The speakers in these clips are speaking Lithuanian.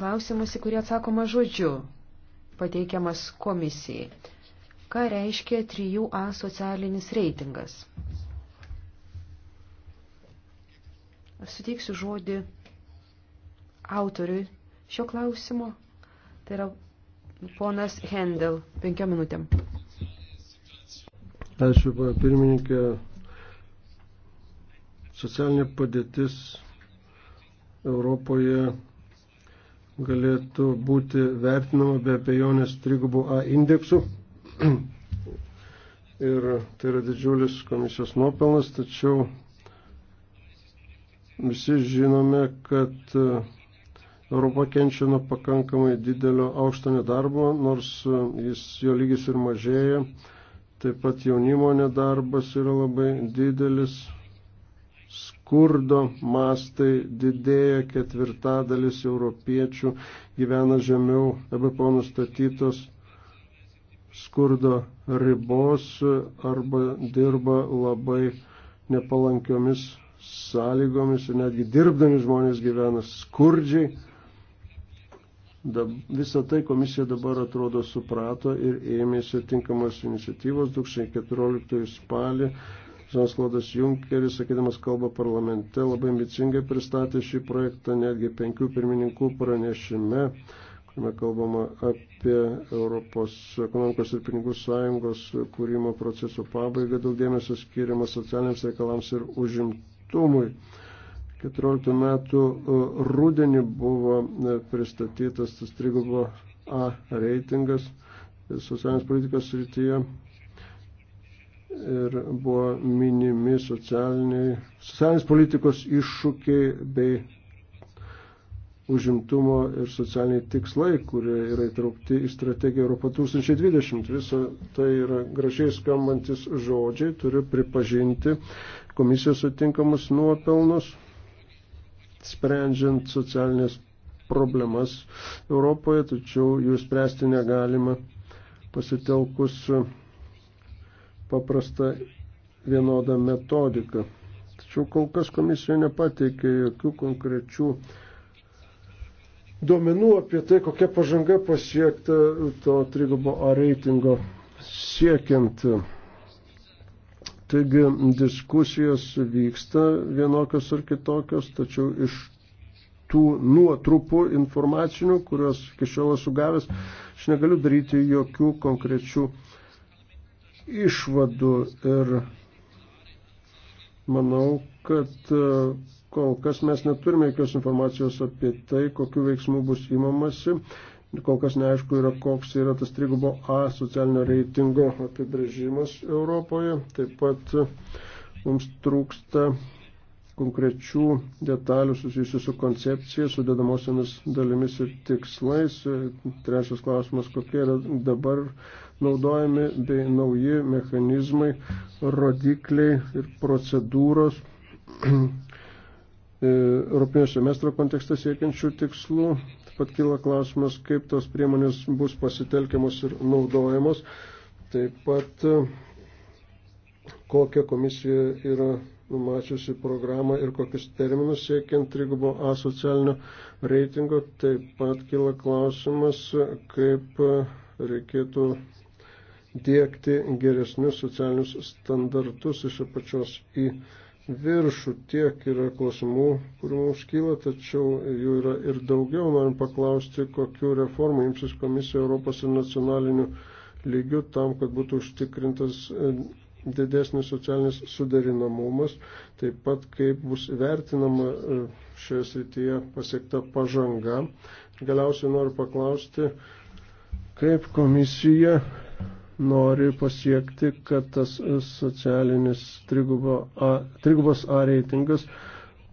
klausimus, į kurį atsakoma žodžiu, pateikiamas komisijai. Ką reiškia 3A socialinis reitingas? Aš suteiksiu žodį autoriui šio klausimo. Tai yra ponas Hendel, penkiom minutėm. Ačiū, pana pirmininkė. Socialinė padėtis Europoje galėtų būti vertinama be abejonės trigubų A indeksų. Ir tai yra didžiulis komisijos nuopelnas, tačiau visi žinome, kad e, Europa kenčia nuo pakankamai didelio aukšto nedarbo, nors e, jis, jo lygis ir mažėja. Taip pat jaunimo nedarbas yra labai didelis, skurdo mastai didėja, ketvirtadalis europiečių gyvena žemiau EBPO nustatytos skurdo ribos arba dirba labai nepalankiomis sąlygomis ir netgi dirbdami žmonės gyvena skurdžiai. Dab, visą tai komisija dabar atrodo suprato ir ėmėsi tinkamos iniciatyvos 2014 spalį Žanas Klaudas Junkeris, sakydamas kalbą parlamente, labai ambicingai pristatė šį projektą netgi penkių pirmininkų pranešime, kuriame kalbama apie Europos ekonomikos ir pinigų sąjungos kūrimo proceso pabaigą, daug dėmesio skiriama socialiniams reikalams ir užimtumui. 14 metų rudenį buvo pristatytas tas trigubo A reitingas socialinės politikos srityje ir buvo minimi socialinės politikos iššūkiai bei užimtumo ir socialiniai tikslai, kurie yra įtraukti į strategiją Europą 2020. Viso tai yra gražiai skambantis žodžiai, turiu pripažinti komisijos sutinkamus nuopelnus, sprendžiant socialinės problemas Europoje, tačiau jų spręsti negalima pasitelkus paprastą vienodą metodiką. Tačiau kol kas komisija nepateikė jokių konkrečių duomenų apie tai, kokia pažanga pasiekta to trigubo A reitingo siekiant. Taigi diskusijos vyksta vienokios ar kitokios, tačiau iš tų nuotrupų informacinių, kuriuos iki šiol esu gavęs, aš negaliu daryti jokių konkrečių išvadų ir manau, kad e, kol kas mes neturime jokios informacijos apie tai, kokiu veiksmu bus įmamasi. Kol kas neaišku yra, koks yra tas trigubo A socialinio reitingo apibrėžimas Europoje. Taip pat e, mums trūksta konkrečių detalių susijusių su koncepcija, sudedamosiamis dalimis ir tikslais. E, trečias klausimas, kokia yra dabar naudojami bei nauji mechanizmai, rodikliai ir procedūros e, Europinio semestro kontekste siekiančių tikslų. Taip pat kyla klausimas, kaip tos priemonės bus pasitelkiamos ir naudojamos. Taip pat e, kokią komisiją yra numačiusi programą ir kokius terminus siekiant trigubo A socialinio reitingo. Taip pat kyla klausimas, kaip e, reikėtų dėkti geresnius socialinius standartus iš apačios į viršų. Tiek yra klausimų, kurių mums kyla, tačiau jų yra ir daugiau. Norim paklausti, kokiu reformu imsis komisija Europos ir nacionaliniu lygiu tam, kad būtų užtikrintas e, didesnis socialinis suderinamumas, taip pat kaip bus vertinama e, šioje srityje pasiekta pažanga. Galiausiai noriu paklausti, kaip komisija nori pasiekti, kad tas socialinis trigubo A, trigubos A reitingas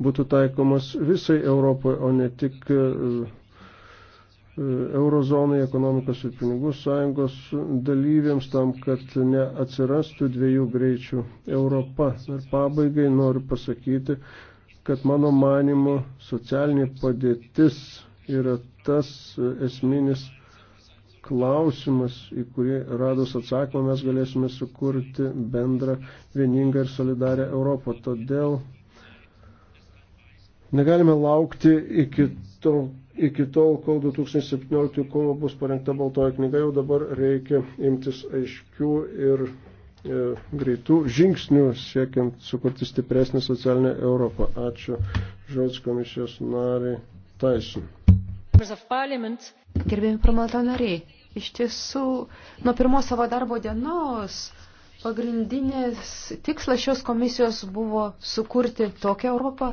būtų taikomas visai Europoje, o ne tik e, e, eurozonai ekonomikos ir pinigų sąjungos dalyviams tam, kad neatsirastų dviejų greičių Europa. Ir pabaigai noriu pasakyti, kad mano manimo socialinė padėtis yra tas e, esminis klausimas, į kurį radus atsakymą mes galėsime sukurti bendrą, vieningą ir solidarę Europą. Todėl negalime laukti iki, to, iki tol, kol 2017 kovo bus parengta baltoja knyga, jau dabar reikia imtis aiškių ir e, greitų žingsnių siekiant sukurti stipresnį socialinę Europą. Ačiū Žodis komisijos nariai Taisin. Gerbėjim promoto nariai, Iš tiesų, nuo pirmos savo darbo dienos pagrindinės tikslas šios komisijos buvo sukurti tokią Europą,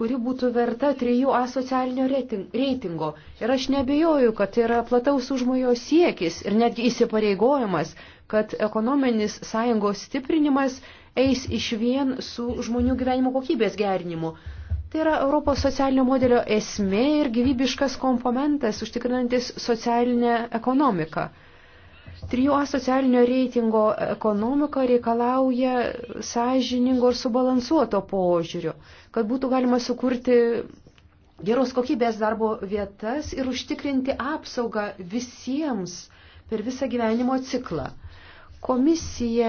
kuri būtų verta 3A socialinio reitingo. Ir aš nebejoju, kad tai yra plataus užmojo siekis ir netgi įsipareigojimas, kad ekonominis sąjungos stiprinimas eis iš vien su žmonių gyvenimo kokybės gerinimu. Tai yra Europos socialinio modelio esmė ir gyvybiškas komponentas, užtikrinantis socialinę ekonomiką. 3A socialinio reitingo ekonomika reikalauja sąžiningo ir subalansuoto požiūrio, kad būtų galima sukurti geros kokybės darbo vietas ir užtikrinti apsaugą visiems per visą gyvenimo ciklą. Komisija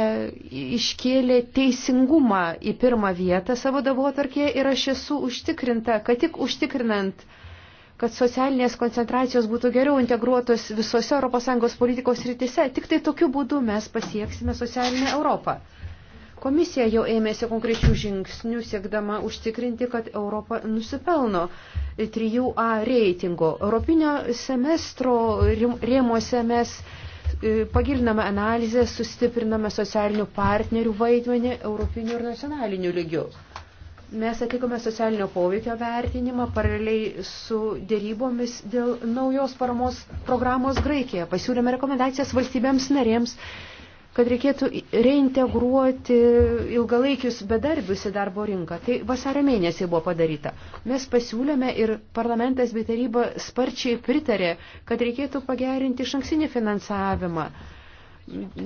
iškėlė teisingumą į pirmą vietą savo davotarkėje ir aš esu užtikrinta, kad tik užtikrinant kad socialinės koncentracijos būtų geriau integruotos visose ES politikos rytise. Tik tai tokiu būdu mes pasieksime socialinę Europą. Komisija jau ėmėsi konkrečių žingsnių, siekdama užtikrinti, kad Europa nusipelno 3A reitingo. Europinio semestro rėmuose mes E, pagiliname analizę, sustipriname socialinių partnerių vaidmenį europinių ir nacionalinių lygių. Mes atlikome socialinio poveikio vertinimą paraleliai su dėrybomis dėl naujos paramos programos Graikija. Pasiūlėme rekomendacijas valstybėms narėms kad reikėtų reintegruoti ilgalaikius bedarbius į darbo rinką. Tai vasario mėnesį buvo padaryta. Mes pasiūlėme ir parlamentas bei taryba sparčiai pritarė, kad reikėtų pagerinti išankstinį finansavimą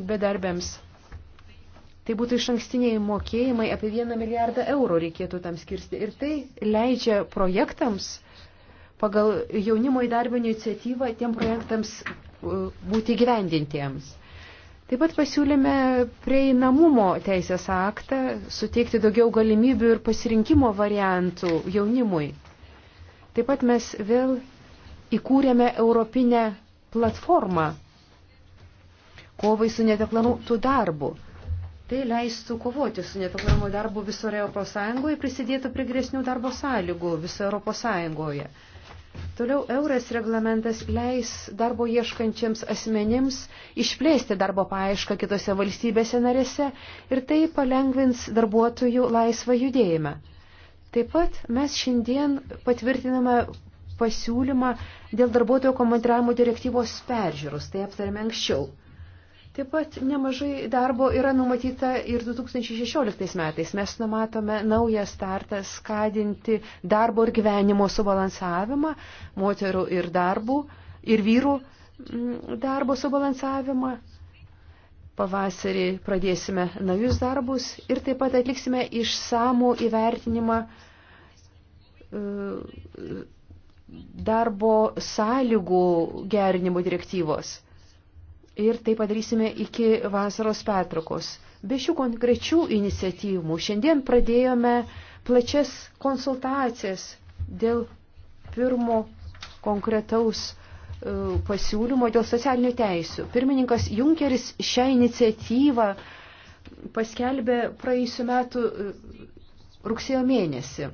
bedarbiams. Tai būtų iš ankstiniai mokėjimai apie 1 milijardą eurų reikėtų tam skirsti. Ir tai leidžia projektams pagal jaunimo įdarbinio iniciatyvą tiem projektams uh, būti gyvendintiems. Taip pat pasiūlėme prieinamumo teisės aktą, suteikti daugiau galimybių ir pasirinkimo variantų jaunimui. Taip pat mes vėl įkūrėme Europinę platformą kovai su nedeklaruotų darbu. Tai leistų kovoti su nedeklaruojamu darbu visoje Europos Sąjungoje, prisidėtų prie grėsnių darbo sąlygų visoje Europos Sąjungoje. Toliau euras reglamentas leis darbo ieškančiams asmenims išplėsti darbo paaišką kitose valstybėse narėse ir tai palengvins darbuotojų laisvą judėjimą. Taip pat mes šiandien patvirtiname pasiūlymą dėl darbuotojo komandiravimo direktyvos peržiūros, tai aptarėme anksčiau. Taip pat nemažai darbo yra numatyta ir 2016 metais. Mes numatome naują startą skadinti darbo ir gyvenimo subalansavimą, moterų ir darbų, ir vyrų mm, darbo subalansavimą. Pavasarį pradėsime naujus darbus ir taip pat atliksime išsamų įvertinimą e, darbo sąlygų gerinimo direktyvos ir tai padarysime iki vasaros pertraukos. Be šių konkrečių iniciatyvų šiandien pradėjome plačias konsultacijas dėl pirmo konkretaus e, pasiūlymo dėl socialinių teisių. Pirmininkas Junkeris šią iniciatyvą paskelbė praėjusiu metu e, rugsėjo mėnesį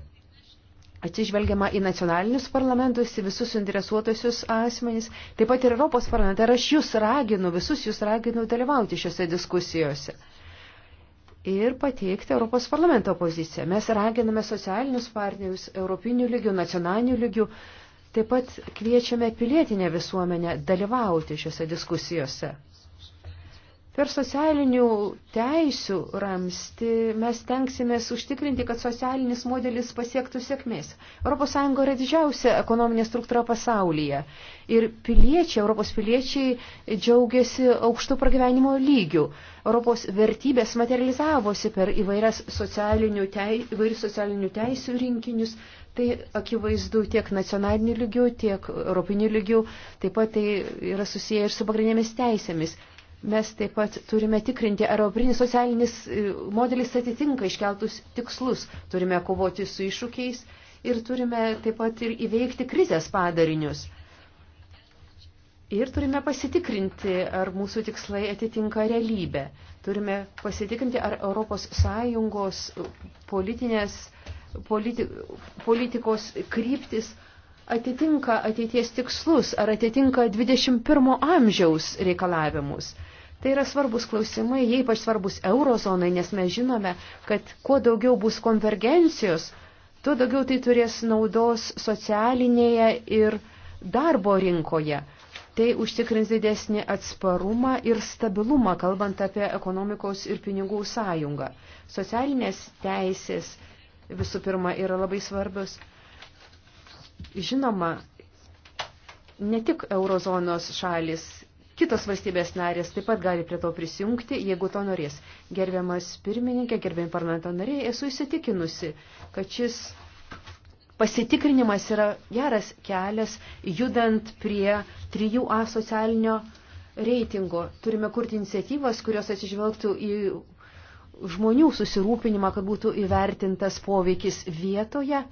atsižvelgiama į nacionalinius parlamentus, į visus interesuotusius asmenys, taip pat ir Europos parlamentą. Ir aš jūs raginu, visus jūs raginu dalyvauti šiuose diskusijose ir pateikti Europos parlamento poziciją. Mes raginame socialinius partnerius, europinių lygių, nacionalinių lygių, taip pat kviečiame pilietinę visuomenę dalyvauti šiuose diskusijose. Per socialinių teisių ramsti mes tenksimės užtikrinti, kad socialinis modelis pasiektų sėkmės. ES yra didžiausia ekonominė struktūra pasaulyje ir piliečiai, Europos piliečiai džiaugiasi aukštų pragyvenimo lygių. Europos vertybės materializavosi per įvairias socialinių, tei, įvairių socialinių teisių rinkinius. Tai akivaizdu tiek nacionaliniu lygiu, tiek europiniu lygiu, taip pat tai yra susiję ir su pagrindinėmis teisėmis. Mes taip pat turime tikrinti, ar europininis socialinis e, modelis atitinka iškeltus tikslus. Turime kovoti su iššūkiais ir turime taip pat ir įveikti krizės padarinius. Ir turime pasitikrinti, ar mūsų tikslai atitinka realybę. Turime pasitikrinti, ar ES politinės, politi, politikos kryptis atitinka ateities tikslus, ar atitinka 21 amžiaus reikalavimus. Tai yra svarbus klausimai, jie ypač svarbus eurozonai, nes mes žinome, kad kuo daugiau bus konvergencijos, tuo daugiau tai turės naudos socialinėje ir darbo rinkoje. Tai užtikrins didesnį atsparumą ir stabilumą, kalbant apie ekonomikos ir pinigų sąjungą. Socialinės teisės visų pirma yra labai svarbios. Žinoma, ne tik eurozonos šalis Kitos valstybės narės taip pat gali prie to prisijungti, jeigu to norės. Gerbiamas pirmininkė, gerbiami parlamento nariai, esu įsitikinusi, kad šis pasitikrinimas yra geras kelias judant prie 3A socialinio reitingo. Turime kurti iniciatyvas, kurios atsižvelgtų į žmonių susirūpinimą, kad būtų įvertintas poveikis vietoje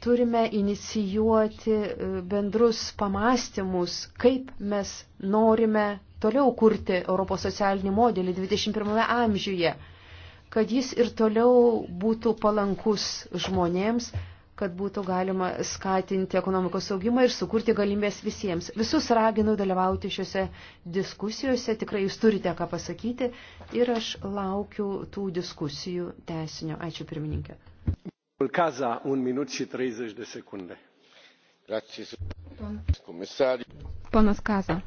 turime inicijuoti e, bendrus pamastymus, kaip mes norime toliau kurti Europos socialinį modelį 21 amžiuje, kad jis ir toliau būtų palankus žmonėms, kad būtų galima skatinti ekonomikos augimą ir sukurti galimės visiems. Visus raginu dalyvauti šiuose diskusijose, tikrai jūs turite ką pasakyti ir aš laukiu tų diskusijų tesinio. Ačiū pirmininkė. Ulkaza, un minut și 30 de secunde. Ponas Kaza.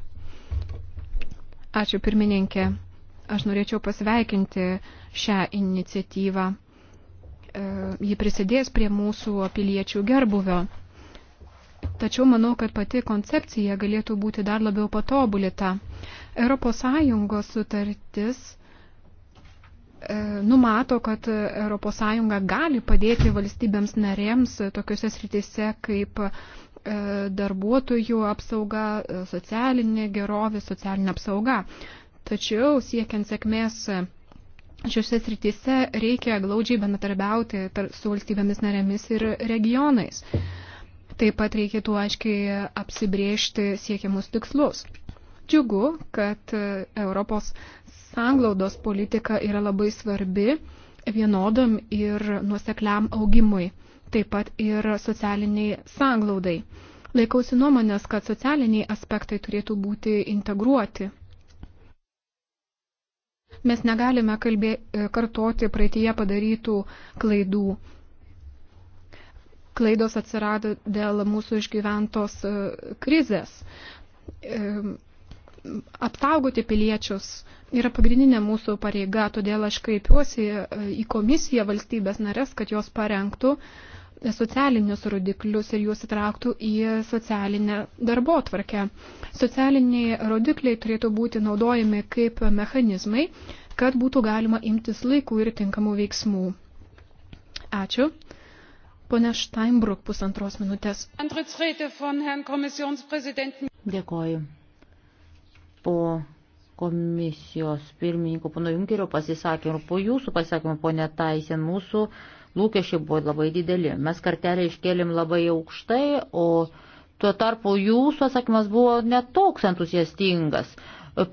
Ačiū pirmininkė. Aš norėčiau pasveikinti šią iniciatyvą. E, ji prisidės prie mūsų piliečių gerbuvio. Tačiau manau, kad pati koncepcija galėtų būti dar labiau patobulita. ES sutartis E, numato, kad ES gali padėti valstybėms narėms tokiuose srityse kaip e, darbuotojų apsauga, socialinė gerovė, socialinė apsauga. Tačiau siekiant sėkmės šiuose srityse reikia glaudžiai bendradarbiauti su valstybėmis narėmis ir regionais. Taip pat reikėtų aiškiai apsibriežti siekiamus tikslus. Džiugu, kad Europos sanglaudos politika yra labai svarbi vienodam ir nuosekliam augimui, taip pat ir socialiniai sanglaudai. Laikausi nuomonės, kad socialiniai aspektai turėtų būti integruoti. Mes negalime kalbė, e, kartoti praeitie padarytų klaidų. Klaidos atsirado dėl mūsų išgyventos e, krizės e, apsaugoti piliečius yra pagrindinė mūsų pareiga, todėl aš kreipiuosi e, į komisiją valstybės narės, kad jos parengtų socialinius rodiklius ir juos įtrauktų į socialinę darbo tvarkę. Socialiniai rodikliai turėtų būti naudojami kaip mechanizmai, kad būtų galima imtis laikų ir tinkamų veiksmų. Ačiū. Pone Steinbrück, pusantros minutės. Dėkoju po komisijos pirmininko pono Junkerio pasisakymų, po jūsų pasisakymų, ponė Taisen, mūsų lūkesčiai buvo labai dideli. Mes kartelę iškėlėm labai aukštai, o tuo tarpu jūsų atsakymas buvo netoks entuziastingas.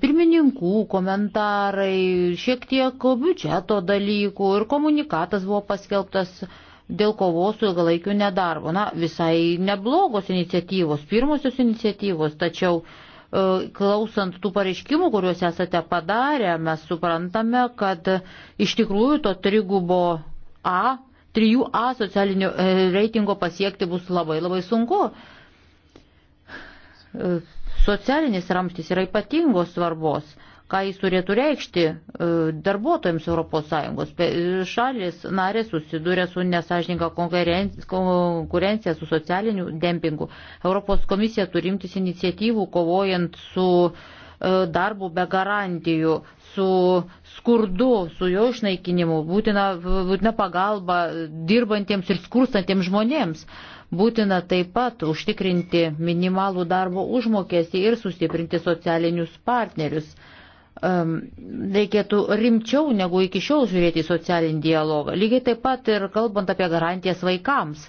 Pirmininkų komentarai, šiek tiek biudžeto dalykų ir komunikatas buvo paskelbtas dėl kovos su ilgalaikiu nedarbu. Na, visai neblogos iniciatyvos, pirmosios iniciatyvos, tačiau uh, E, klausant tų pareiškimų, kuriuos esate padarę, mes suprantame, kad iš tikrųjų to trigubo A, 3A socialinio e, reitingo pasiekti bus labai labai sunku. E, socialinis ramštis yra ypatingos svarbos ką jis turėtų reikšti e, darbuotojams ES. Šalis narės susiduria su nesažininga konkurencija, su socialiniu dempingu. Europos komisija turi imtis iniciatyvų kovojant su e, darbu be garantijų, su skurdu, su jo išnaikinimu, būtina, būtina pagalba dirbantiems ir skurstantiems žmonėms. Būtina taip pat užtikrinti minimalų darbo užmokestį ir sustiprinti socialinius partnerius um, reikėtų rimčiau negu iki šiol žiūrėti į socialinį dialogą. Lygiai taip pat ir kalbant apie garantijas vaikams.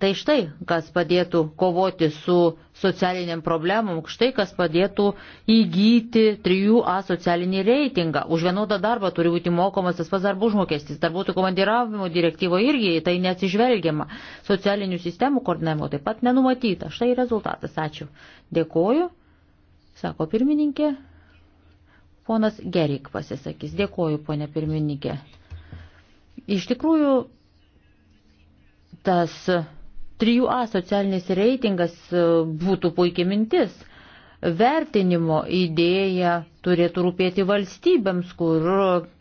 Tai štai, kas padėtų kovoti su socialiniam problemam, štai kas padėtų įgyti 3A socialinį reitingą. Už vienodą darbą turi būti mokomas tas pats darbų užmokestis. Darbuotojų komandiravimo direktyvo irgi į tai neatsižvelgiama. Socialinių sistemų koordinavimo taip pat nenumatyta. Štai rezultatas. Ačiū. Dėkoju, sako pirmininkė. Ponas Gerik pasisakys. Dėkoju, ponė pirmininkė. Iš tikrųjų, tas 3A socialinis reitingas e, būtų puikia mintis. Vertinimo idėja turėtų rūpėti valstybėms, kur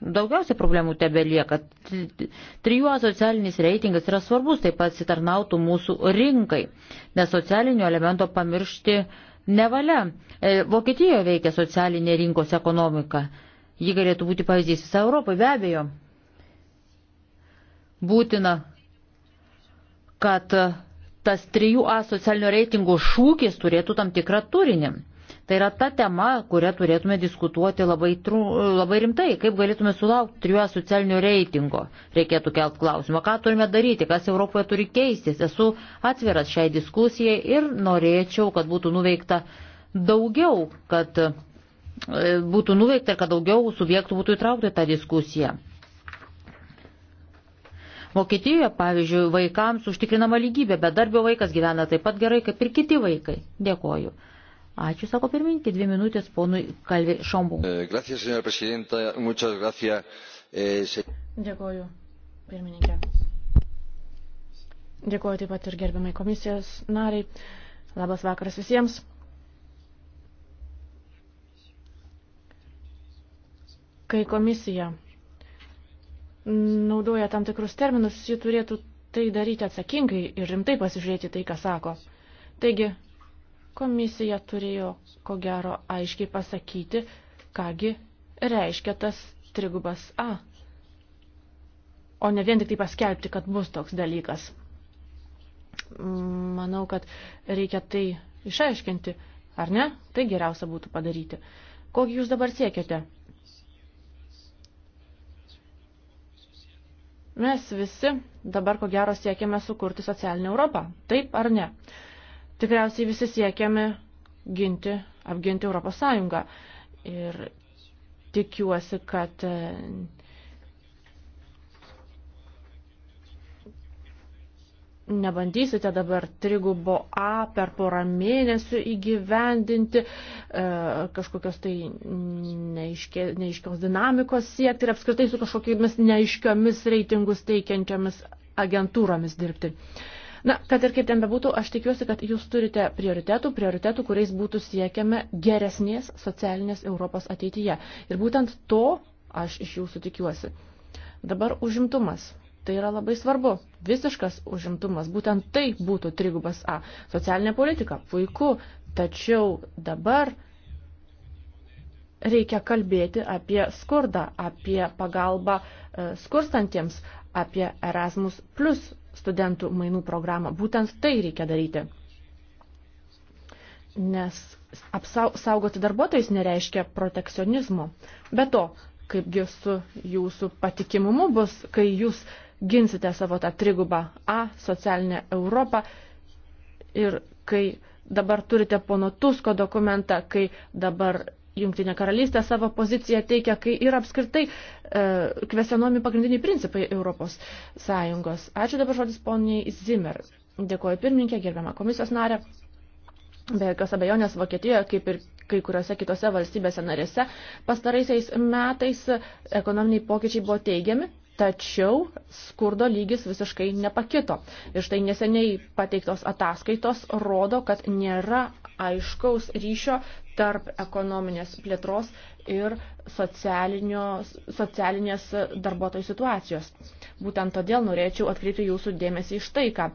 daugiausia problemų tebe lieka. 3A socialinis reitingas yra svarbus, taip pat sitarnautų mūsų rinkai, nes socialinio elemento pamiršti uh, Nevalia. E, Vokietijoje veikia socialinė rinkos ekonomika. Ji galėtų būti pavyzdys visą Europą, be abejo. Būtina, kad tas 3A socialinio reitingo šūkis turėtų tam tikrą turinį. Tai yra ta tema, kurią turėtume diskutuoti labai, tru, labai rimtai. Kaip galėtume sulaukti trijų socialinių reitingo? Reikėtų kelt klausimą, ką turime daryti, kas Europoje turi keistis. Esu atviras šiai diskusijai ir norėčiau, kad būtų nuveikta daugiau, kad e, būtų nuveikta ir kad daugiau subjektų būtų įtraukta į tą diskusiją. Vokietijoje, pavyzdžiui, vaikams užtikrinama lygybė, bet darbio vaikas gyvena taip pat gerai kaip ir kiti vaikai. Dėkoju. Ačiū, sako pirmininkė, dvi minutės ponui Kalvi Šombu. E, e, Dėkoju, pirmininkė. Dėkoju taip pat ir gerbiamai komisijos nariai. Labas vakaras visiems. Kai komisija naudoja tam tikrus terminus, ji turėtų tai daryti atsakingai ir rimtai pasižiūrėti tai, ką sako. Taigi, Komisija turėjo, ko gero, aiškiai pasakyti, kągi reiškia tas trigubas A, o ne vien tik tai paskelbti, kad bus toks dalykas. Manau, kad reikia tai išaiškinti, ar ne? Tai geriausia būtų padaryti. Kokį jūs dabar siekiate? Mes visi dabar ko gero siekiame sukurti socialinę Europą. Taip ar ne? Tikriausiai visi siekiame ginti, apginti Europos Sąjungą. Ir tikiuosi, kad e, nebandysite dabar trigubo A per porą mėnesių įgyvendinti, e, kažkokios tai neiškė, neiškios dinamikos siekti ir apskritai su kažkokiamis neiškiomis reitingus teikiančiamis agentūromis dirbti. E, Na, kad ir kaip ten bebūtų, aš tikiuosi, kad jūs turite prioritetų, prioritetų, kuriais būtų siekiame geresnės socialinės Europos ateityje. Ir būtent to aš iš jūsų tikiuosi. Dabar užimtumas. Tai yra labai svarbu. Visiškas užimtumas. Būtent tai būtų trigubas A. Socialinė politika. Puiku. Tačiau dabar reikia kalbėti apie skurdą, apie pagalbą e, skurstantiems, apie Erasmus plus studentų mainų programą. Būtent tai reikia daryti. Nes apsaugoti darbuotojus nereiškia protekcionizmo. Be to, kaipgi su jūsų patikimumu bus, kai jūs ginsite savo tą trigubą A socialinę Europą ir kai dabar turite pono Tusko dokumentą, kai dabar Jungtinė karalystė savo poziciją teikia, kai yra apskritai e, kvesionuomi pagrindiniai principai Europos Sąjungos. Ačiū dabar žodis poniai Zimmer. Dėkuoju pirmininkė, gerbiama komisijos narė. Be jokios abejonės Vokietijoje, kaip ir kai kuriuose kitose valstybėse narėse, pastaraisiais metais ekonominiai pokyčiai buvo teigiami, tačiau skurdo lygis visiškai nepakito. Ir štai neseniai pateiktos ataskaitos rodo, kad nėra aiškaus ryšio tarp ekonominės plėtros ir socialinės darbuotojų situacijos. Būtent todėl norėčiau atkreipti jūsų dėmesį iš tai, ką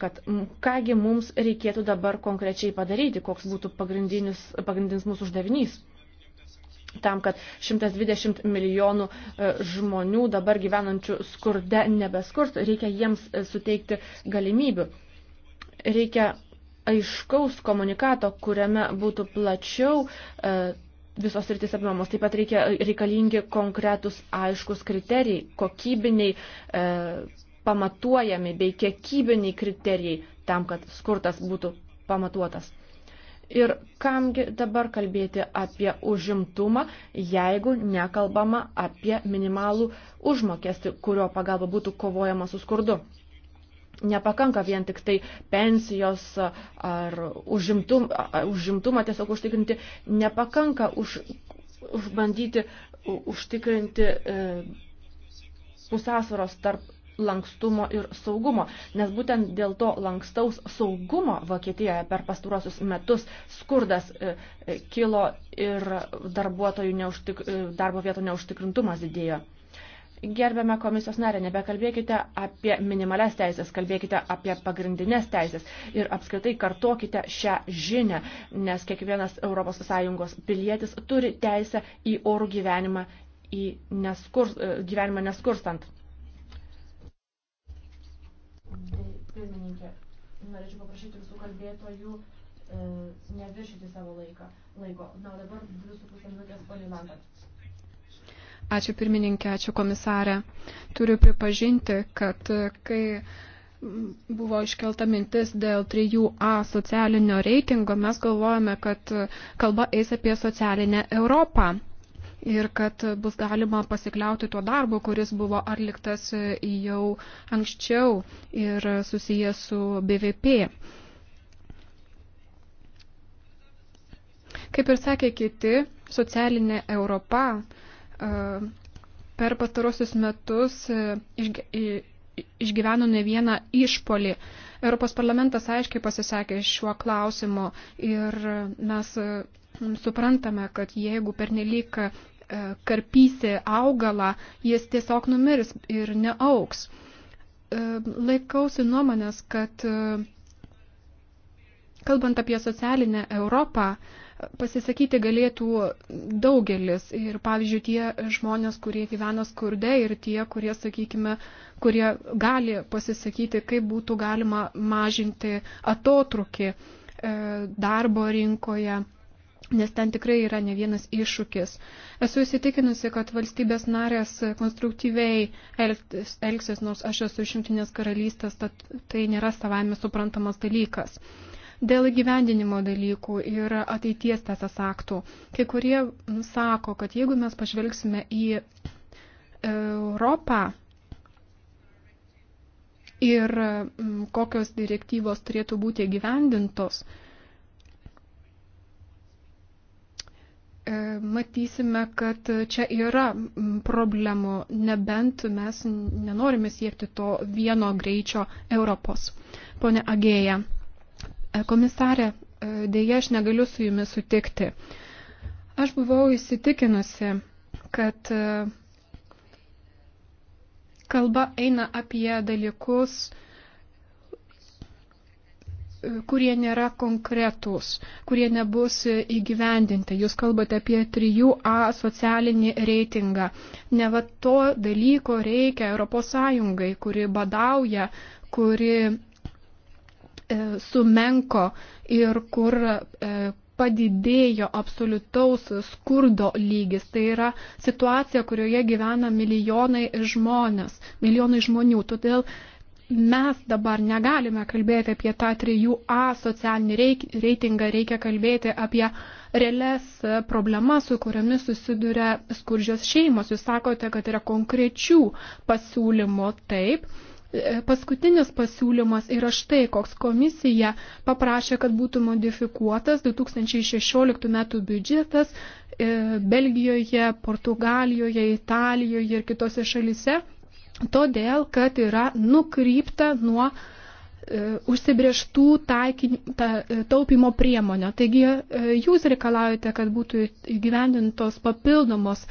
kad kągi mums reikėtų dabar konkrečiai padaryti, koks būtų pagrindinis, pagrindinis mūsų uždavinys tam, kad 120 milijonų e, žmonių dabar gyvenančių skurde nebeskurs, reikia jiems e, suteikti galimybių. Reikia aiškaus komunikato, kuriame būtų plačiau e, visos rytis apimamos. Taip pat reikia, reikalingi konkretus aiškus kriterijai, kokybiniai, e, pamatuojami bei kiekybiniai kriterijai tam, kad skurtas būtų pamatuotas. Ir kamgi dabar kalbėti apie užimtumą, jeigu nekalbama apie minimalų užmokestį, kurio pagalba būtų kovojama su skurdu nepakanka vien tik tai pensijos ar užimtum, užimtumą tiesiog užtikrinti, nepakanka už, užbandyti užtikrinti e, pusasvaros tarp lankstumo ir saugumo, nes būtent dėl to lankstaus saugumo Vokietijoje per pastaruosius metus skurdas e, e kilo ir darbuotojų neužtik, e, darbo vietų neužtikrintumas didėjo. Gerbiame komisijos narę, nebekalbėkite apie minimales teisės, kalbėkite apie pagrindinės teisės ir apskritai kartokite šią žinę, nes kiekvienas ES pilietis turi teisę į orų gyvenimą, į neskurs, e, gyvenimą neskurstant. Pirmininkė, norėčiau paprašyti visų kalbėtojų e, neviršyti savo laiką, laiko. Na, o dabar 2,5 minutės polimantas. Ačiū pirmininkė, ačiū komisarė. Turiu pripažinti, kad kai buvo iškelta mintis dėl 3A socialinio reitingo, mes galvojame, kad kalba eis apie socialinę Europą. Ir kad bus galima pasikliauti tuo darbu, kuris buvo atliktas jau anksčiau ir susijęs su BVP. Kaip ir sakė kiti, socialinė Europa E, per pastarosius metus e, išgyveno ne vieną išpolį. Europos parlamentas aiškiai pasisakė šiuo klausimu ir mes e, suprantame, kad jeigu pernelyg karpysi augalą, jis tiesiog numirs ir neauks. Laikausi nuomonės, kad kalbant apie socialinę Europą, pasisakyti galėtų daugelis. Ir pavyzdžiui, tie žmonės, kurie gyvena skurde ir tie, kurie, sakykime, kurie gali pasisakyti, kaip būtų galima mažinti atotrukį e, darbo rinkoje. Nes ten tikrai yra ne vienas iššūkis. Esu įsitikinusi, kad valstybės narės konstruktyviai elgsis, nors aš esu iš Junktinės karalystės, tad tai nėra savame suprantamas dalykas. Uh, Dėl įgyvendinimo dalykų ir ateities teisės aktų. Kai kurie sako, kad jeigu mes pažvelgsime į Europą ir mm, kokios direktyvos turėtų būti gyvendintos, e, matysime, kad čia yra mm, problemų, nebent mes nenorime siekti to vieno greičio Europos. Pone Agėja, E, komisarė, e, dėja aš negaliu su jumis sutikti. Aš buvau įsitikinusi, kad e, kalba eina apie dalykus, kurie nėra konkretūs, kurie nebus įgyvendinti. Jūs kalbate apie 3A socialinį reitingą. Ne va to dalyko reikia ES, kuri badauja, kuri E, sumenko ir kur e, padidėjo absoliutaus skurdo lygis. Tai yra situacija, kurioje gyvena milijonai žmonės, milijonai žmonių. Todėl mes dabar negalime kalbėti apie tą 3A socialinį reitingą, reikia kalbėti apie realias problemas, su kuriamis susiduria skurdžios šeimos. Jūs sakote, kad yra konkrečių pasiūlymų taip Paskutinis pasiūlymas yra štai, koks komisija paprašė, kad būtų modifikuotas 2016 metų biudžetas e, Belgijoje, Portugalijoje, Italijoje ir kitose šalise, todėl, kad yra nukrypta nuo uh, E, užsibrieštų taikin, ta, e, taupimo priemonę. Taigi e, jūs reikalaujate, kad būtų įgyvendintos papildomos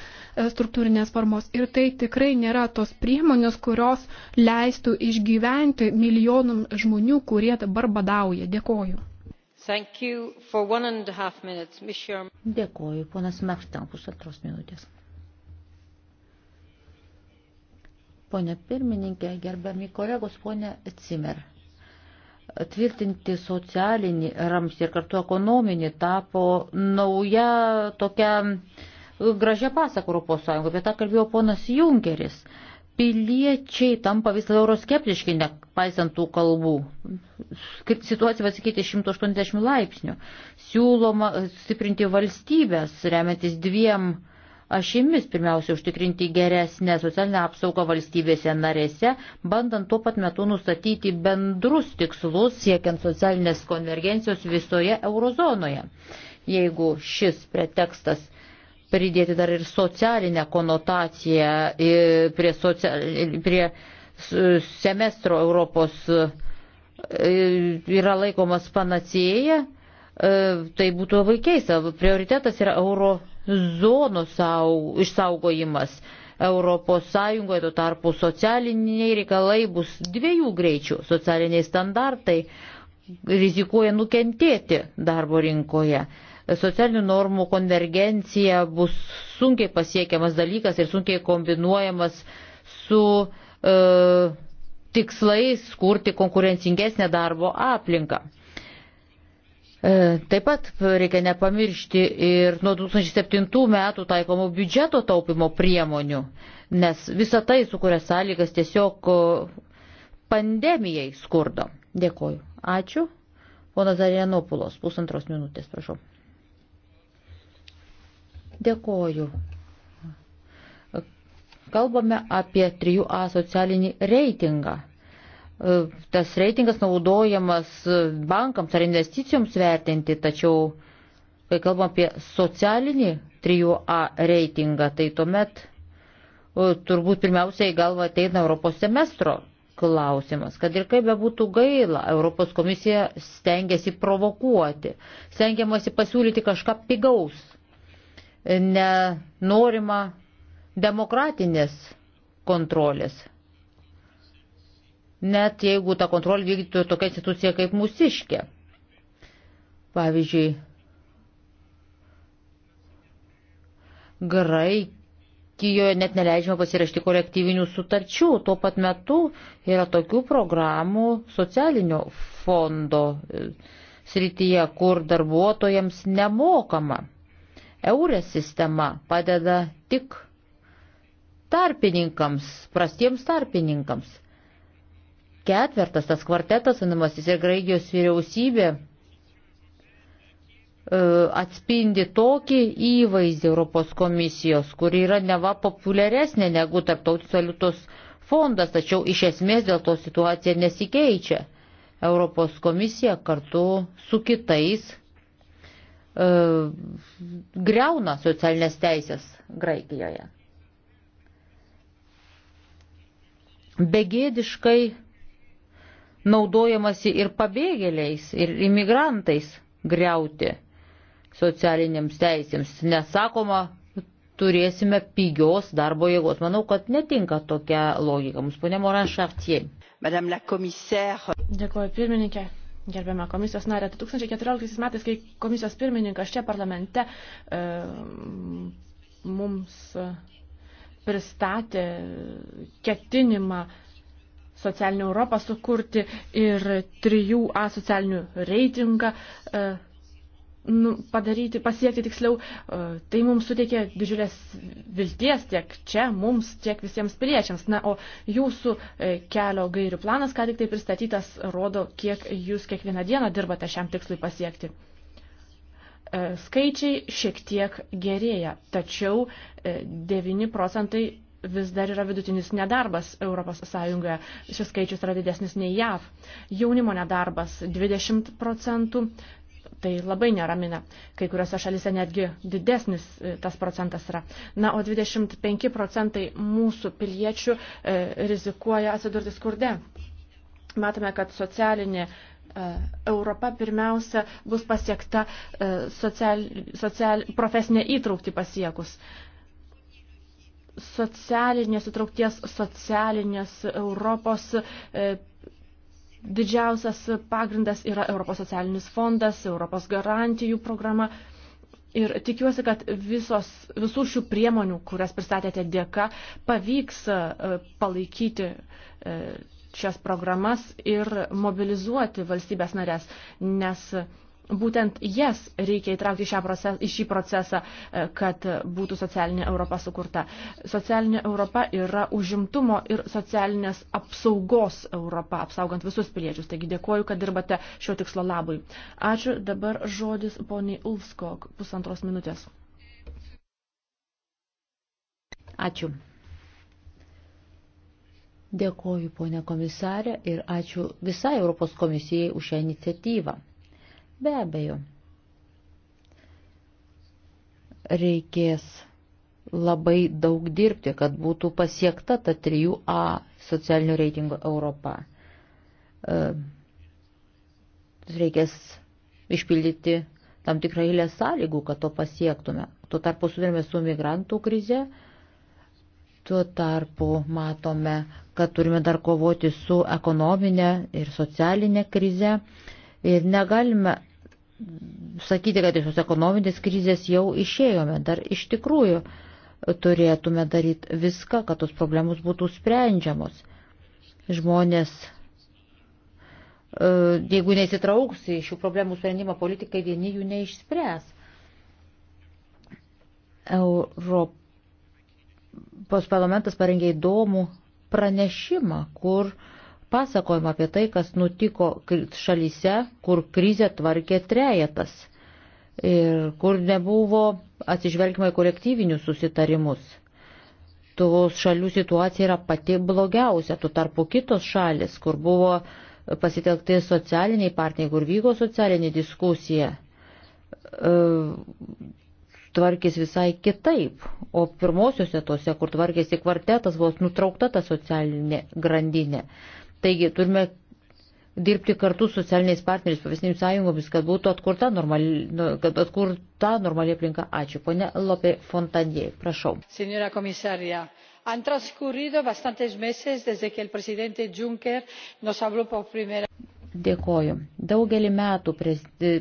struktūrinės formos ir tai tikrai nėra tos priemonės, kurios leistų išgyventi milijonum žmonių, kurie dabar badauja. Dėkoju. Minutes, Dėkoju, ponas Mechtan, pusantros minutės. Pone pirmininkė, gerbiami kolegos, ponė Cimer tvirtinti socialinį ramstį ir kartu ekonominį tapo nauja tokia e, gražia pasaka Europos Sąjunga. Apie tą kalbėjo ponas Junkeris. Piliečiai tampa vis labiau euroskeptiški, nepaisant tų kalbų. Situacija pasikeitė 180 laipsnių. Siūloma stiprinti valstybės, remiantis dviem uh, ašimis, pirmiausia, užtikrinti geresnę socialinę apsaugą valstybėse narėse, bandant tuo pat metu nustatyti bendrus tikslus siekiant socialinės konvergencijos visoje eurozonoje. Jeigu šis pretekstas pridėti dar ir socialinę konotaciją e, prie, social, e, prie semestro Europos e, yra laikomas panacėja, tai būtų labai keista. Prioritetas yra euro zonų sau, išsaugojimas. Europos Sąjungoje tuo tarpu socialiniai reikalai bus dviejų greičių. Socialiniai standartai rizikuoja nukentėti darbo rinkoje. Socialinių normų konvergencija bus sunkiai pasiekiamas dalykas ir sunkiai kombinuojamas su e, tikslais kurti konkurencingesnę darbo aplinką. E, taip pat reikia nepamiršti ir nuo 2007 metų taikomų biudžeto taupimo priemonių, nes visa tai sukuria sąlygas tiesiog e, pandemijai skurdo. Dėkoju. Ačiū. Ponas Arianopulos, pusantros minutės, prašau. Dėkoju. Kalbame apie 3A socialinį reitingą. E, tas reitingas naudojamas bankams ar investicijoms vertinti, tačiau kai kalbam apie socialinį 3A reitingą, tai tuomet e, turbūt pirmiausiai galva ateina Europos semestro klausimas, kad ir kaip bebūtų gaila, Europos komisija stengiasi provokuoti, stengiamasi pasiūlyti kažką pigaus, e, nenorima demokratinės kontrolės net jeigu tą kontrolę vykdytų tokia institucija kaip mūsiškė. Pavyzdžiui, Graikijoje net neleidžiama pasirašti kolektyvinių sutarčių. Tuo pat metu yra tokių programų socialinio fondo e, srityje, kur darbuotojams nemokama. Eurės sistema padeda tik tarpininkams, prastiems tarpininkams ketvertas, tas kvartetas, vadinamasis ir Graikijos vyriausybė e, atspindi tokį įvaizdį Europos komisijos, kuri yra neva populiaresnė negu tarptautinis valiutos fondas, tačiau iš esmės dėl to situacija nesikeičia. Europos komisija kartu su kitais e, greuna socialinės teisės Graikijoje. Begėdiškai naudojamasi ir pabėgėliais, ir imigrantais greuti socialiniams teisėms. Nesakoma, turėsime pigios darbo jėgos. Manau, kad netinka tokia logika. Mums ponė Moran Šartie. Madame la commissaire. Dėkuoju pirmininkė. Gerbiama komisijos narė, 2014 metais, kai komisijos pirmininkas čia parlamente e, mums e, pristatė ketinimą e, socialinę Europą sukurti ir 3A socialinių reitingą e, nu, padaryti, pasiekti tiksliau, e, tai mums suteikė didžiulės vilties tiek čia, mums, tiek visiems piliečiams. Na, o jūsų e, kelio gairių planas, ką tik tai pristatytas, rodo, kiek jūs kiekvieną dieną dirbate šiam tikslui pasiekti. Skaičiai šiek tiek gerėja, tačiau 9 procentai vis dar yra vidutinis nedarbas Europos Sąjungoje. Šis skaičius yra didesnis nei JAV. Jaunimo nedarbas 20 procentų. Tai labai neramina. Kai kuriuose šalise netgi didesnis e, tas procentas yra. Na, o 25 procentai mūsų piliečių e, rizikuoja atsidurti skurde. Matome, kad socialinė e, Europa pirmiausia bus pasiekta e, social, social, profesinė įtraukti pasiekus. E, socialinės įtraukties, socialinės Europos. E, didžiausias pagrindas yra Europos socialinis fondas, Europos garantijų programa. Ir tikiuosi, kad visos, visų šių priemonių, kurias pristatėte dėka, pavyks e, palaikyti e, šias programas ir mobilizuoti valstybės narės, nes būtent jas reikia įtraukti šią proces, į šį procesą, e, kad būtų socialinė Europa sukurta. Socialinė Europa yra užimtumo ir socialinės apsaugos Europa, apsaugant visus piliečius. Taigi dėkuoju, kad dirbate šio tikslo labui. Ačiū. Dabar žodis poniai Ulfskog, pusantros minutės. Ačiū. Dėkoju, ponia komisarė, ir ačiū visai Europos komisijai už šią iniciatyvą. Be abejo, reikės labai daug dirbti, kad būtų pasiekta ta 3A socialinio reitingo Europa. E, reikės išpildyti tam tikrą eilę sąlygų, kad to pasiektume. Tuo tarpu sudarėme su migrantų krize, tuo tarpu matome, kad turime dar kovoti su ekonominė ir socialinė krize ir negalime sakyti, kad iš tos ekonominės krizės jau išėjome. Dar iš tikrųjų turėtume daryti viską, kad tos problemos būtų sprendžiamos. Žmonės, e, jeigu neįsitrauks į šių problemų sprendimą, politikai vieni jų neišspręs. Europos parlamentas parengė įdomų pranešimą, kur uh, pasakojama apie tai, kas nutiko šalyse, kur krizę tvarkė trejetas ir kur nebuvo atsižvelgima į kolektyvinius susitarimus. Tos šalių situacija yra pati blogiausia, tu tarpu kitos šalis, kur buvo pasitelkti socialiniai partneriai, kur vyko socialinė diskusija, e, tvarkės visai kitaip, o pirmosiuose tose, kur tvarkėsi kvartetas, buvo nutraukta ta socialinė grandinė. Taigi turime dirbti kartu su socialiniais partneriais, profesinėmis sąjungomis, kad būtų atkurta normali, nu, kad atkurta normali aplinka. Ačiū. Pone Lopė Fontanier, prašau. Senora komisarija. Han transcurrido bastantes meses desde que el presidente Juncker nos habló por primera Dėkoju. Daugelį metų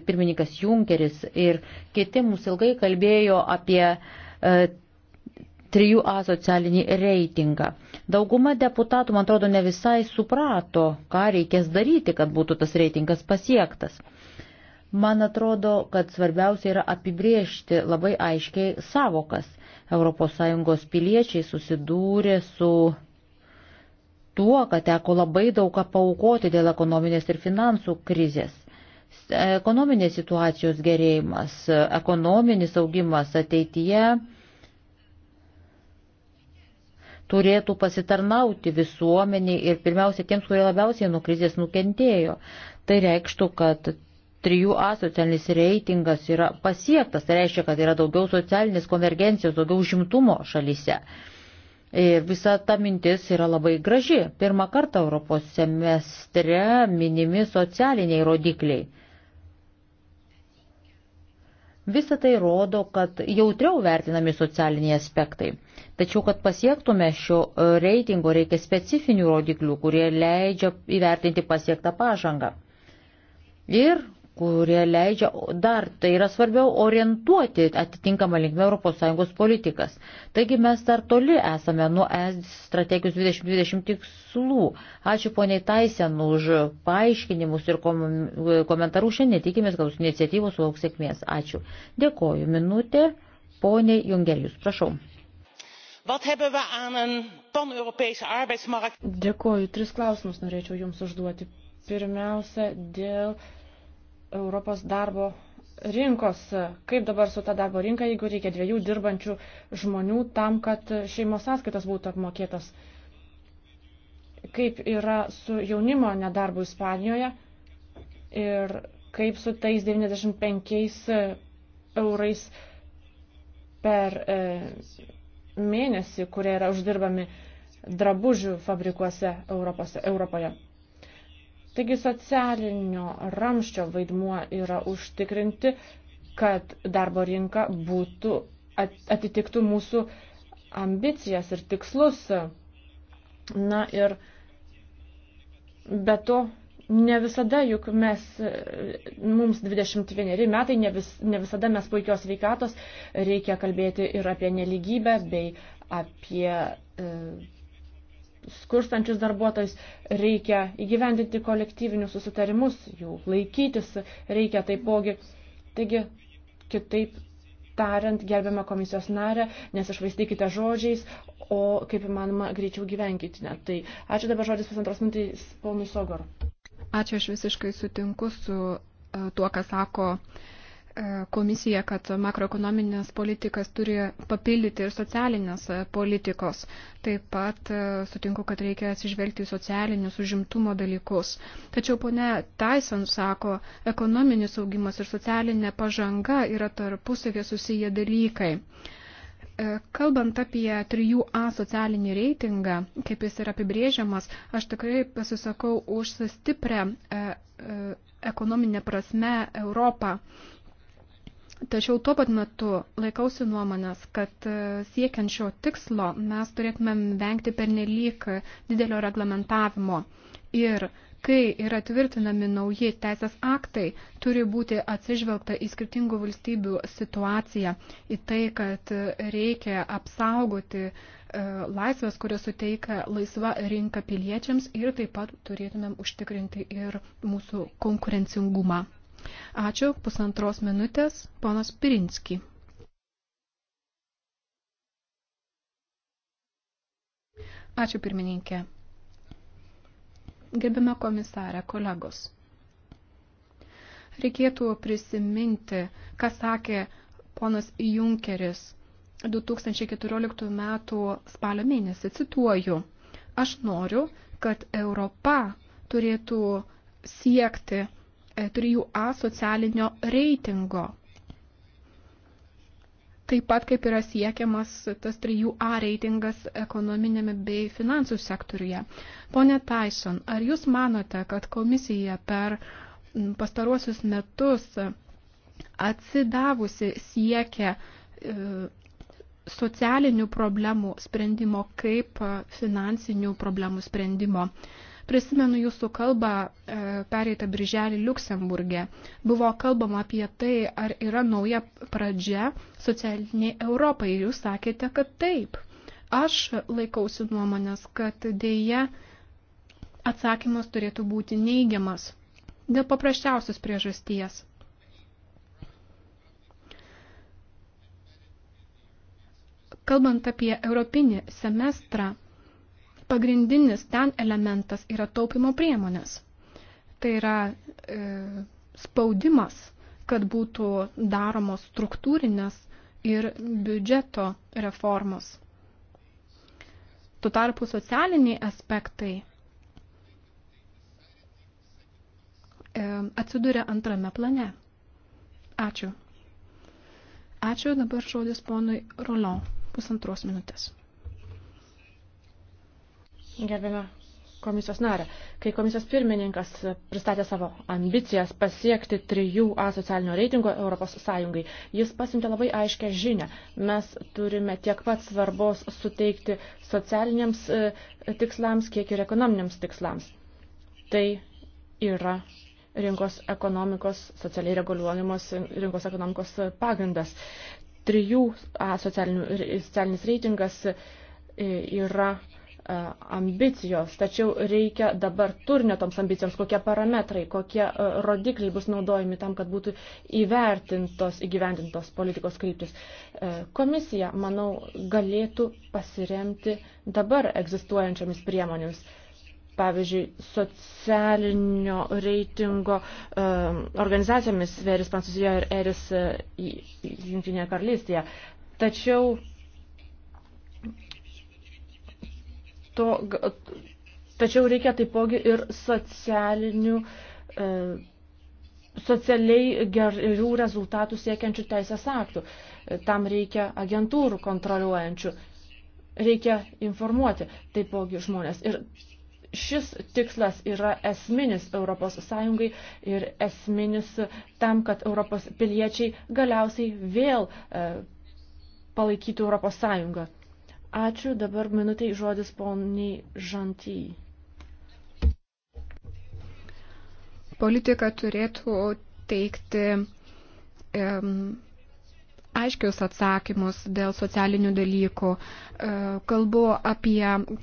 pirmininkas Junkeris ir kiti mūsų ilgai kalbėjo apie e, 3A socialinį reitingą. E, Dauguma deputatų, man atrodo, ne visai suprato, ką reikės daryti, kad būtų tas reitingas pasiektas. Man atrodo, kad svarbiausia yra apibriežti labai aiškiai savokas. ES piliečiai susidūrė su tuo, kad teko labai daug ką paukoti dėl ekonominės ir finansų krizės. Ekonominės situacijos gerėjimas, ekonominis augimas ateityje turėtų pasitarnauti visuomeniai ir pirmiausia tiems, kurie labiausiai nuo krizės nukentėjo. Tai reikštų, kad 3A socialinis reitingas yra pasiektas, tai reiškia, kad yra daugiau socialinės konvergencijos, daugiau žimtumo šalyse. Ir visa ta mintis yra labai graži. Pirmą kartą Europos semestre minimi socialiniai rodikliai Visą tai rodo, kad jautriau vertinami socialiniai aspektai. Tačiau, kad pasiektume šio e, reitingo, reikia specifinių rodiklių, kurie leidžia įvertinti pasiektą pažangą. Ir kurie leidžia dar, tai yra svarbiau, orientuoti atitinkamą linkmę ES politikas. Taigi mes dar toli esame nuo ES strategijos 2020 tikslų. Ačiū poniai Taisen už paaiškinimus ir kom komentarų šiandien. Tikimės, kad jūsų iniciatyvos sulauks sėkmės. Ačiū. Dėkoju. Minutė. Poniai Jungelius, prašau. Dėkoju. Tris klausimus norėčiau Jums užduoti. Pirmiausia, dėl Europos darbo rinkos. Kaip dabar su ta darbo rinka, jeigu reikia dviejų dirbančių žmonių tam, kad šeimos sąskaitas būtų apmokėtas? Kaip yra su jaunimo nedarbu Ispanijoje ir kaip su tais 95 eurais per e, mėnesį, kurie yra uždirbami drabužių fabrikuose Europose, Europoje? Taigi socialinio ramščio vaidmuo yra užtikrinti, kad darbo rinka būtų atitiktų mūsų ambicijas ir tikslus. Na ir be to ne visada juk mes, mums 21 metai, ne, vis, ne visada mes puikios veikatos, reikia kalbėti ir apie neligybę bei apie e, skurstančius darbuotojus, reikia įgyvendinti kolektyvinius susitarimus, jų laikytis reikia taipogi. Taigi, kitaip tariant, gerbiamą komisijos narę, nesišvaistykite žodžiais, o kaip įmanoma greičiau gyvenkite. Tai ačiū dabar žodis pusantros minutės ponui Sogor. Ačiū, aš visiškai sutinku su e, tuo, ką sako uh, E, komisija, kad makroekonominės politikas turi papildyti ir socialinės e, politikos. Taip pat e, sutinku, kad reikia atsižvelgti į socialinius užimtumo dalykus. Tačiau pone Tyson sako, ekonominis augimas ir socialinė pažanga yra tarpusavė susiję dalykai. Kalbant apie 3A socialinį reitingą, kaip jis yra apibrėžiamas, aš tikrai pasisakau už stiprią ekonominę prasme Europą Tačiau tuo pat metu laikausi nuomonės, kad e, siekiant šio tikslo mes turėtumėm vengti pernelyg didelio reglamentavimo. Ir kai yra tvirtinami nauji teisės aktai, turi būti atsižvelgta į skirtingų valstybių situaciją, į tai, kad reikia apsaugoti e, laisvės, kurias suteikia laisva rinka piliečiams ir taip pat turėtumėm užtikrinti ir mūsų konkurencingumą. Ačiū, pusantros minutės, ponas Pirinski. Ačiū, pirmininkė. Gerbime komisarę, kolegos. Reikėtų prisiminti, ką sakė ponas Junkeris 2014 m. spalio mėnesį. Cituoju, aš noriu, kad Europa turėtų siekti 3A e, socialinio reitingo. Taip pat kaip yra siekiamas tas 3A reitingas ekonominėme bei finansų sektoriuje. Pone Tyson, ar Jūs manote, kad komisija per pastaruosius metus atsidavusi siekia e, socialinių problemų sprendimo kaip e, finansinių problemų sprendimo prisimenu jūsų kalbą e, pereitą birželį Luksemburgė. Buvo kalbama apie tai, ar yra nauja pradžia socialiniai Europai ir jūs sakėte, kad taip. Aš laikausi nuomonės, kad dėje atsakymas turėtų būti neigiamas dėl paprasčiausios priežasties. Kalbant apie europinį semestrą, pagrindinis ten elementas yra taupimo priemonės. Tai yra e, spaudimas, kad būtų daromos struktūrinės ir biudžeto reformos. Tuo tarpu socialiniai aspektai e, atsiduria antrame plane. Ačiū. Ačiū dabar žodis ponui Rolon. Pusantros minutės. Gerbėme komisijos narę. Kai komisijos pirmininkas pristatė savo ambicijas pasiekti 3A socialinio reitingo Europos Sąjungai, jis pasiuntė labai aiškę žinę. Mes turime tiek pat svarbos suteikti socialiniams e, tikslams, kiek ir ekonominiams tikslams. Tai yra rinkos ekonomikos, socialiai reguliuojamos rinkos ekonomikos pagrindas. 3A socialinis reitingas e, yra E, ambicijos, tačiau reikia dabar turinio toms ambicijoms, kokie parametrai, kokie e, rodikliai bus naudojami tam, kad būtų įvertintos, įgyvendintos politikos kryptis. E, komisija, manau, galėtų pasiremti dabar egzistuojančiomis priemonėmis. Pavyzdžiui, socialinio reitingo um, organizacijomis Veris Prancūzijoje ir Eris Junktinėje karalystėje. Tačiau to, tačiau reikia taipogi ir socialinių, e, socialiai gerų rezultatų siekiančių teisės aktų. E, tam reikia agentūrų kontroliuojančių, reikia informuoti taipogi žmonės. Ir šis tikslas yra esminis ES ir esminis tam, kad Europos piliečiai galiausiai vėl e, palaikytų ES. Ačiū, dabar minutai žodis poniai Žantyjai. politika turėtų teikti um, aiškius atsakymus dėl socialinių dalykų. Uh, kalbu apie uh,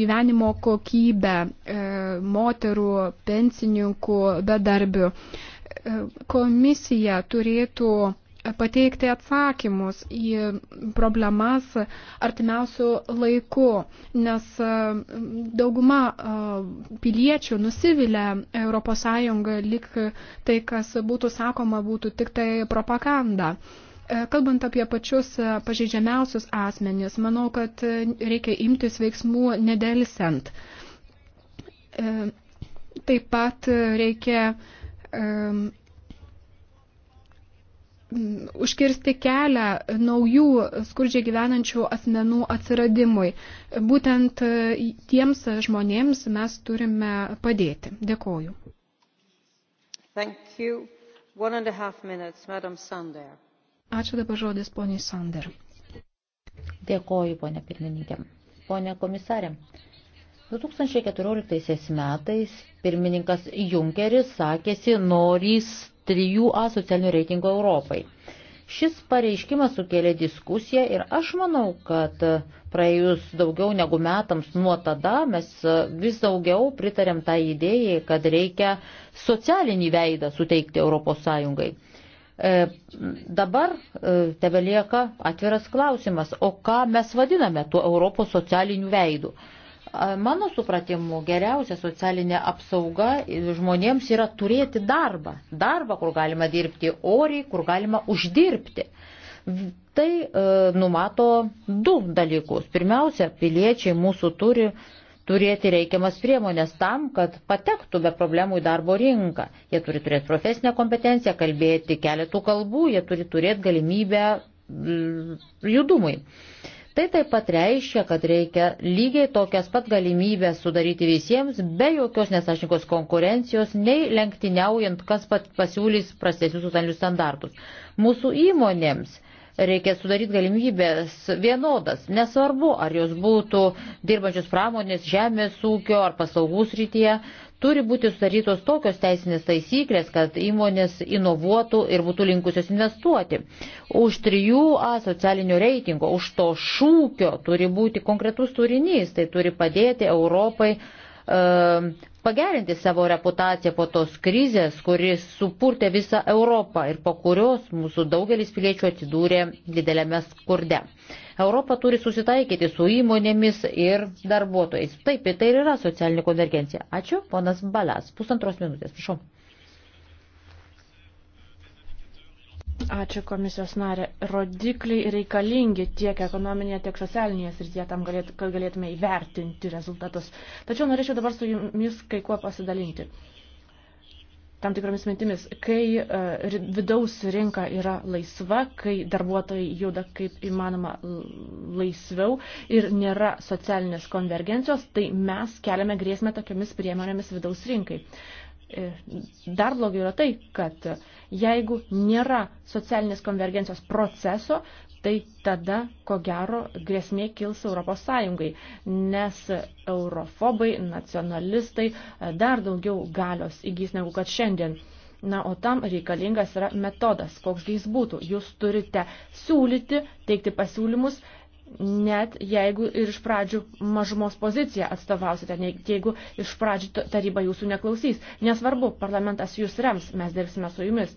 gyvenimo kokybę uh, moterų, pensininkų, bedarbių. Uh, komisija turėtų uh, pateikti atsakymus į problemas artimiausių laikų, nes e, dauguma e, piliečių nusivylę ES lik tai, kas būtų sakoma, būtų tik tai propaganda. E, kalbant apie pačius pažeidžiamiausius asmenys, manau, kad reikia imtis veiksmų nedelsiant. Taip pat reikia Mm, užkirsti kelią naujų skurdžiai gyvenančių asmenų atsiradimui. Būtent e, tiems žmonėms mes turime padėti. Dėkoju. Minutes, Ačiū dabar žodis poniai Sander. Dėkoju, ponė pirmininkė. Ponė komisarė, 2014 metais pirmininkas Junkeris sakėsi norys 3A socialinio reitingo Europai. Šis pareiškimas sukėlė diskusiją ir aš manau, kad praėjus daugiau negu metams nuo tada mes vis daugiau pritarėm tą tai idėją, kad reikia socialinį veidą suteikti ES. E, dabar e, tebe lieka atviras klausimas, o ką mes vadiname tuo Europos socialiniu veidu. E, Mano supratimu, geriausia socialinė apsauga žmonėms yra turėti darbą. Darbą, kur galima dirbti oriai, kur galima uždirbti. Tai e, numato du dalykus. Pirmiausia, piliečiai mūsų turi turėti reikiamas priemonės tam, kad patektų be problemų į darbo rinką. Jie turi turėti profesinę kompetenciją, kalbėti keletų kalbų, jie turi turėti galimybę judumui. E, Tai taip pat reiškia, kad reikia lygiai tokias pat galimybės sudaryti visiems, be jokios nesažininkos konkurencijos, nei lenktyniaujant, kas pat pasiūlys prastesnius socialinius standartus. Mūsų įmonėms reikia sudaryti galimybės vienodas, nesvarbu, ar jos būtų dirbančios pramonės, žemės ūkio ar paslaugų srityje, Turi būti sudarytos tokios teisinės taisyklės, kad įmonės inovuotų ir būtų linkusios investuoti. Už 3A socialinio reitingo, už to šūkio turi būti konkretus turinys, tai turi padėti Europai e, pagerinti savo reputaciją po tos krizės, kuris supurtė visą Europą ir po kurios mūsų daugelis piliečių atsidūrė didelėme skurde. Europa turi susitaikyti su įmonėmis ir darbuotojais. Taip, tai ir yra socialinė konvergencija. Ačiū, ponas Balas. Pusantros minutės, prašau. Ačiū komisijos narė. Rodikliai reikalingi tiek ekonominėje, tiek socialinėje srityje tam, galėt, kad galėtume įvertinti rezultatus. Tačiau norėčiau dabar su jumis kai kuo pasidalinti tam tikromis mintimis. Kai e, vidaus rinka yra laisva, kai darbuotojai juda kaip įmanoma laisviau ir nėra socialinės konvergencijos, tai mes keliame grėsmę tokiamis priemonėmis vidaus rinkai. E, dar blogiau yra tai, kad jeigu nėra socialinės konvergencijos proceso, tai tada, ko gero, grėsmė kils Europos Sąjungai, nes eurofobai, nacionalistai e, dar daugiau galios įgys negu kad šiandien. Na, o tam reikalingas yra metodas, koks jis būtų. Jūs turite siūlyti, teikti pasiūlymus net jeigu ir iš pradžių mažumos poziciją atstovausite, net jeigu iš pradžių taryba jūsų neklausys. Nesvarbu, parlamentas jūs rems, mes dirbsime su jumis.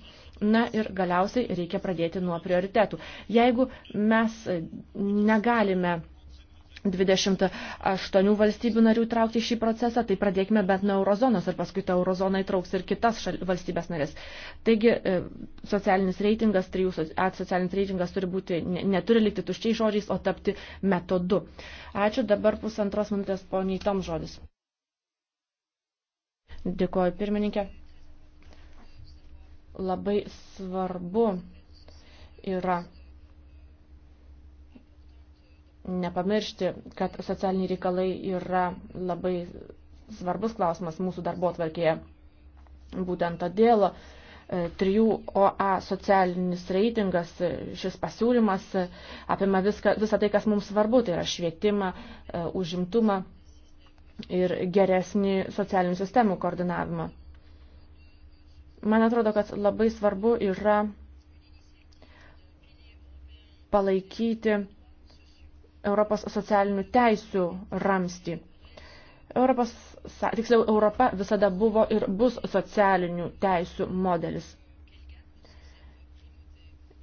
Na ir galiausiai reikia pradėti nuo prioritetų. Jeigu mes e, negalime 28 valstybių narių traukti šį procesą, tai pradėkime bent nuo eurozonos ir paskui tą eurozoną įtrauks ir kitas šal, valstybės narės. Taigi e, socialinis reitingas, trijų socialinis reitingas turi būti, neturi likti tuščiai žodžiais, o tapti metodu. Ačiū, dabar pusantros minutės poniai Tom žodis. Dėkuoju pirmininkė. Labai svarbu yra nepamiršti, kad socialiniai reikalai yra labai svarbus klausimas mūsų darbo tvarkėje. Būtent todėl 3OA e, socialinis reitingas, e, šis pasiūlymas e, apima viską, visą tai, kas mums svarbu, tai yra švietimą, užimtumą ir geresnį socialinių sistemų koordinavimą. Man atrodo, kad labai svarbu yra palaikyti Europos socialinių teisių ramstį. Europos, tiksliau, Europa visada buvo ir bus socialinių teisių modelis.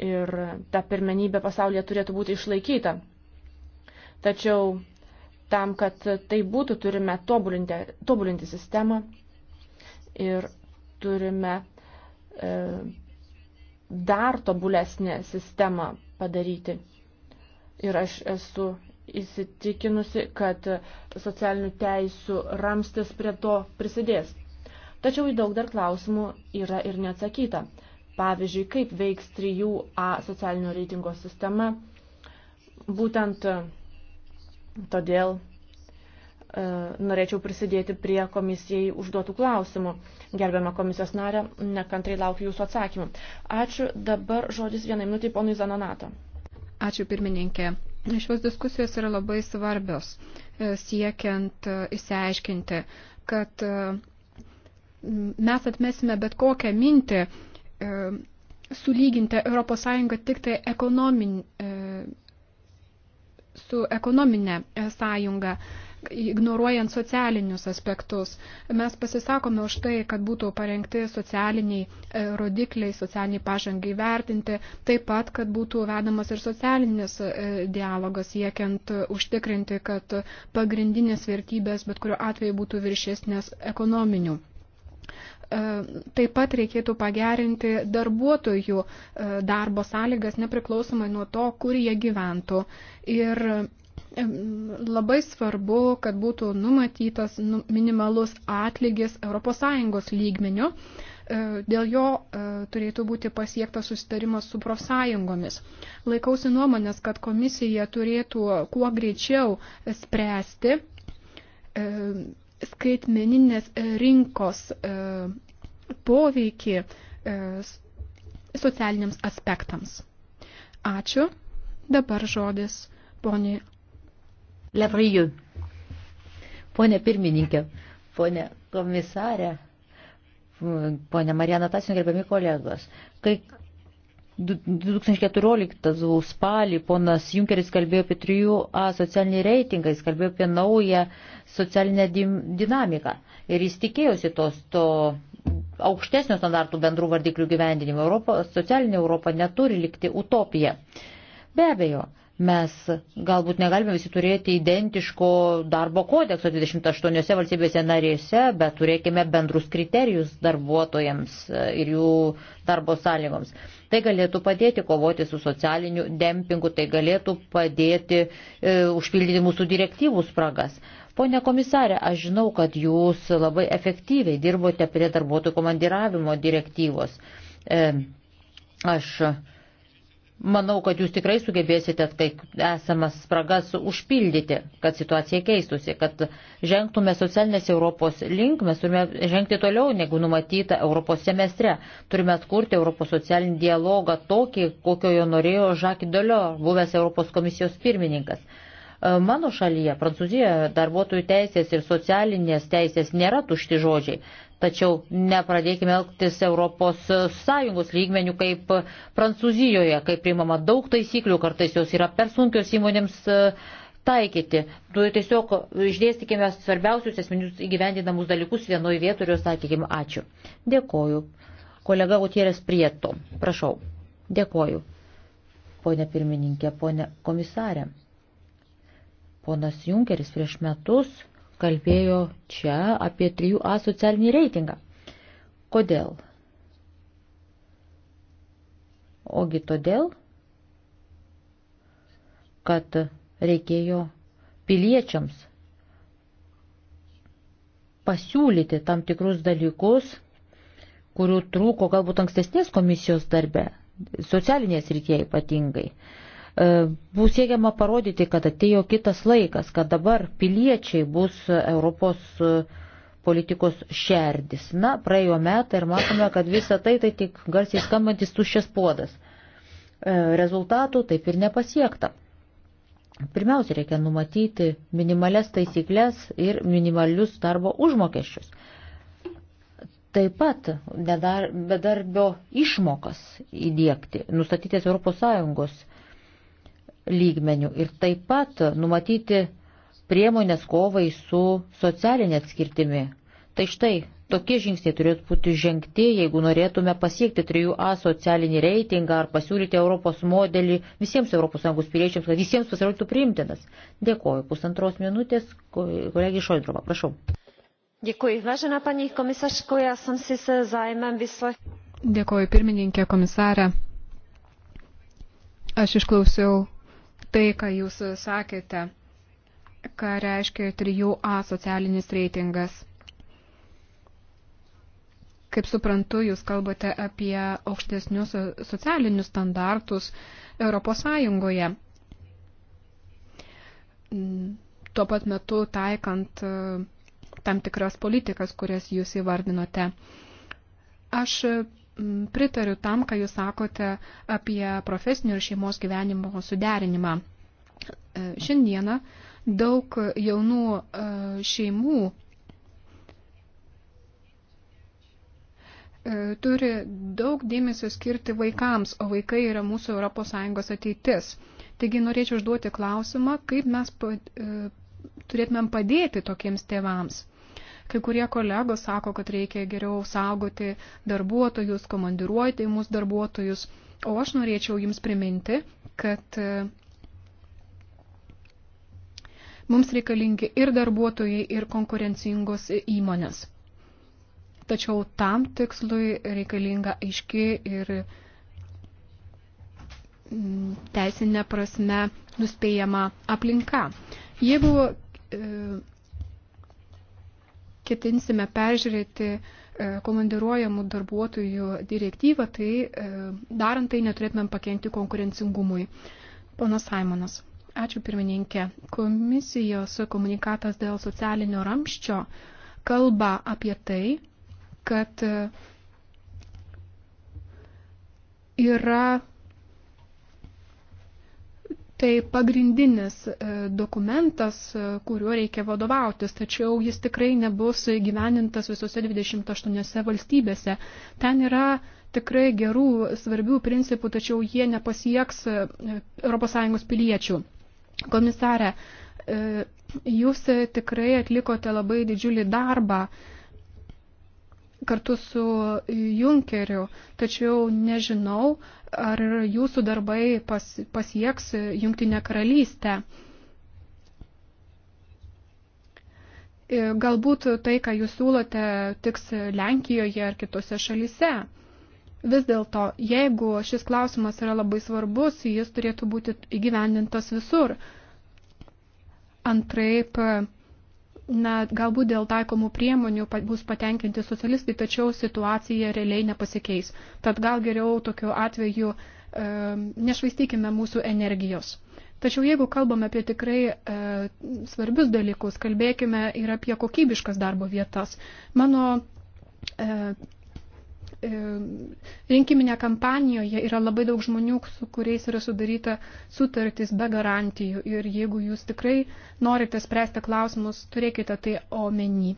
Ir ta pirmenybė pasaulyje turėtų būti išlaikyta. Tačiau tam, kad tai būtų, turime tobulinti, tobulinti sistemą ir turime e, dar tobulesnę sistemą padaryti. Ir aš esu įsitikinusi, kad socialinių teisų ramstis prie to prisidės. Tačiau į daug dar klausimų yra ir neatsakyta. Pavyzdžiui, kaip veiks 3A socialinio reitingo sistema. Būtent e, todėl e, norėčiau prisidėti prie komisijai užduotų klausimų. Gerbiamą komisijos narę, nekantrai laukiu jūsų atsakymų. Ačiū. Dabar žodis vienai minutai ponui Zanonato. Ačiū pirmininkė. Šios diskusijos yra labai svarbios, e, siekiant įsiaiškinti, e, kad e, mes atmesime bet kokią mintį sulyginti ES tik tai ekonomin, su ekonominė sąjunga ignoruojant socialinius aspektus. Mes pasisakome už tai, kad būtų parengti socialiniai e, rodikliai, socialiniai pažangai vertinti, taip pat, kad būtų vedamas ir socialinis e, dialogas, siekiant užtikrinti, kad pagrindinės vertybės bet kuriuo atveju būtų viršesnės ekonominių e, taip pat reikėtų pagerinti darbuotojų darbo sąlygas nepriklausomai nuo to, kur jie gyventų. Ir Labai svarbu, kad būtų numatytas nu, minimalus atlygis ES lygmeniu. E, dėl jo e, turėtų būti pasiektas susitarimas su profsąjungomis. Laikausi nuomonės, kad komisija turėtų kuo greičiau spręsti e, skaitmeninės rinkos poveikį socialiniams aspektams. Ačiū. Dabar žodis poniai Levriju. Pone pirmininkė, pone komisarė, pone Marijana Tasin, gerbiami kolegos, kai 2014 spalį ponas Junkeris kalbėjo apie 3A socialinį reitingą, jis kalbėjo apie naują socialinę dinamiką ir jis tikėjosi tos to aukštesnio standartų bendrų vardiklių gyvendinimo. Europa, socialinė Europa neturi likti utopija. Be abejo, Mes galbūt negalime visi turėti identiško darbo kodekso 28 valstybėse narėse, bet turėkime bendrus kriterijus darbuotojams ir jų darbo sąlygoms. Tai galėtų padėti kovoti su socialiniu dempingu, tai galėtų padėti e, užpildyti mūsų direktyvų spragas. Pone komisarė, aš žinau, kad jūs labai efektyviai dirbote prie darbuotojų komandiravimo direktyvos. E, aš Manau, kad jūs tikrai sugebėsite kai esamas spragas užpildyti, kad situacija keistusi, kad žengtume socialinės Europos link, mes turime žengti toliau negu numatyta Europos semestre. Turime atkurti Europos socialinį dialogą tokį, kokio jo norėjo Žaki Dolio, buvęs Europos komisijos pirmininkas. E, mano šalyje, Prancūzijoje, darbuotojų teisės ir socialinės teisės nėra tušti žodžiai tačiau nepradėkime elgtis ES lygmenių kaip Prancūzijoje, kai priimama daug taisyklių, kartais jos yra per sunkios įmonėms e, taikyti. Tu tiesiog išdėstykime svarbiausius esminius įgyvendinamus dalykus vienoje vietoje ir juos taikykime. Ačiū. Dėkoju. Kolega Gutierės Prieto. Prašau. Dėkoju. Pone pirmininkė, pone komisarė. Ponas Junkeris prieš metus kalbėjo čia apie 3A socialinį reitingą. Kodėl? Ogi todėl, kad reikėjo piliečiams pasiūlyti tam tikrus dalykus, kurių trūko galbūt ankstesnės komisijos darbe, socialinės rytėje ypatingai. Uh, E, bus siekiama parodyti, kad atėjo kitas laikas, kad dabar piliečiai bus Europos e, politikos šerdis. Na, praėjo metai ir matome, kad visa tai tai tik garsiai skambantis tuščias puodas. E, rezultatų taip ir nepasiekta. Pirmiausia, reikia numatyti minimales taisyklės ir minimalius darbo užmokesčius. Taip pat bedar, bedarbio išmokas įdėkti, nustatytis ES lygmenių ir taip pat numatyti priemonės kovai su socialinė atskirtimi. Tai štai Tokie žingsniai turėtų būti žengti, jeigu norėtume pasiekti 3A socialinį reitingą ar pasiūlyti Europos modelį visiems ES piliečiams, kad visiems pasirodytų priimtinas. Dėkoju. Pusantros minutės, kolegi Šojdrova, prašau. Děkuji. Vážená paní komisařko, já jsem si se zájmem vyslechla. Dėkoju pirmininkė komisarė. Aš išklausiau tai, ką jūs sakėte, ką reiškia 3A socialinis reitingas. Kaip suprantu, jūs kalbate apie aukštesnius socialinius standartus Europos Sąjungoje. Tuo pat metu taikant e, tam tikras politikas, kurias jūs įvardinote. Aš pritariu tam, ką jūs sakote apie profesinio ir šeimos gyvenimo suderinimą. E, šiandieną daug jaunų e, šeimų e, turi daug dėmesio skirti vaikams, o vaikai yra mūsų ES ateitis. Taigi norėčiau užduoti klausimą, kaip mes turėtumėm padėti tokiems tėvams. Kai kurie kolegos sako, kad reikia geriau saugoti darbuotojus, komandiruoti mūsų darbuotojus, o aš norėčiau jums priminti, kad e, mums reikalingi ir darbuotojai, ir konkurencingos įmonės. Tačiau tam tikslui reikalinga aiški ir mm, teisinė prasme nuspėjama aplinka. Jeigu e, ketinsime peržiūrėti e, komandiruojamų darbuotojų direktyvą, tai e, darant tai neturėtumėm pakengti konkurencingumui. Ponas Simonas. Ačiū pirmininkė. Komisijos komunikatas dėl socialinio ramščio kalba apie tai, kad e, yra tai pagrindinis e, dokumentas, e, kuriuo reikia vadovautis, tačiau jis tikrai nebus gyvenintas visose 28 valstybėse. Ten yra tikrai gerų, svarbių principų, tačiau jie nepasieks e, ES piliečių. Komisarė, jūs tikrai atlikote labai didžiulį darbą kartu su Junkeriu, tačiau nežinau, ar jūsų darbai pas, pasieks Junktinę karalystę. E, galbūt tai, ką jūs siūlote, tiks Lenkijoje ar kitose šalyse. Vis dėlto, jeigu šis klausimas yra labai svarbus, jis turėtų būti įgyvendintas visur. Antraip, na, galbūt dėl taikomų priemonių bus patenkinti socialistai, tačiau situacija realiai nepasikeis. Tad gal geriau tokiu atveju e, nešvaistykime mūsų energijos. Tačiau jeigu kalbame apie tikrai e, svarbius dalykus, kalbėkime ir apie kokybiškas darbo vietas. Mano e, E, rinkiminė kampanijoje yra labai daug žmonių, su kuriais yra sudaryta sutartys be garantijų ir jeigu jūs tikrai norite spręsti klausimus, turėkite tai omeny.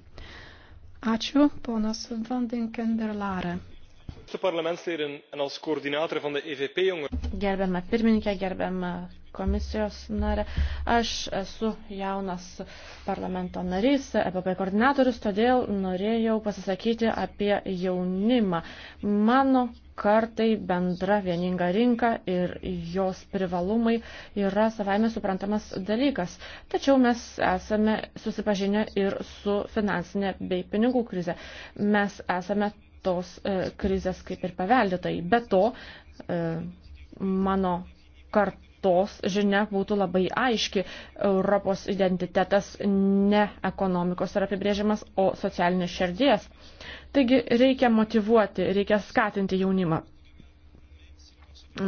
Ačiū, ponas Vandenkenderlare. E gerbiama pirmininkė, gerbiama komisijos narė. Aš esu jaunas parlamento narys, EPP koordinatorius, todėl norėjau pasisakyti apie jaunimą. Mano kartai bendra vieninga rinka ir jos privalumai yra savaime suprantamas dalykas. Tačiau mes esame susipažinę ir su finansinė bei pinigų krize. Mes esame tos e, krizės kaip ir paveldėtai. Be to, e, mano kartai tos žinia būtų labai aiški. Europos identitetas ne ekonomikos yra apibrėžiamas, o socialinės širdies. Taigi reikia motivuoti, reikia skatinti jaunimą.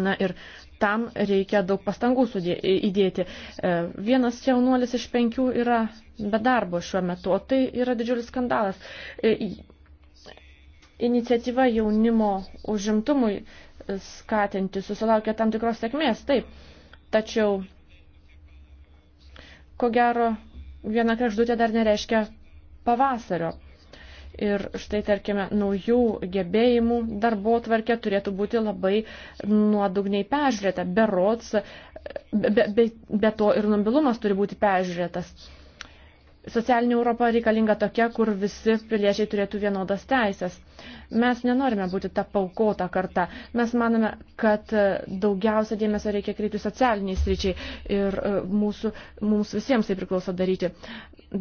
Na ir tam reikia daug pastangų sudė, įdėti. E, vienas jaunuolis iš penkių yra be darbo šiuo metu, o tai yra didžiulis skandalas. E, iniciatyva jaunimo užimtumui skatinti susilaukė tam tikros sėkmės, taip Tačiau, ko gero, viena kraždutė dar nereiškia pavasario. Ir štai, tarkime, naujų gebėjimų darbo tvarkė turėtų būti labai nuodugniai peržiūrėta. Berots, be, be, be to ir numbilumas turi būti peržiūrėtas. Socialinė Europa reikalinga tokia, kur visi piliečiai turėtų vienodas teisės. Mes nenorime būti ta paukota karta. Mes manome, kad e, daugiausia dėmesio reikia kreipti socialiniai sričiai ir e, mūsų, mums visiems tai priklauso daryti.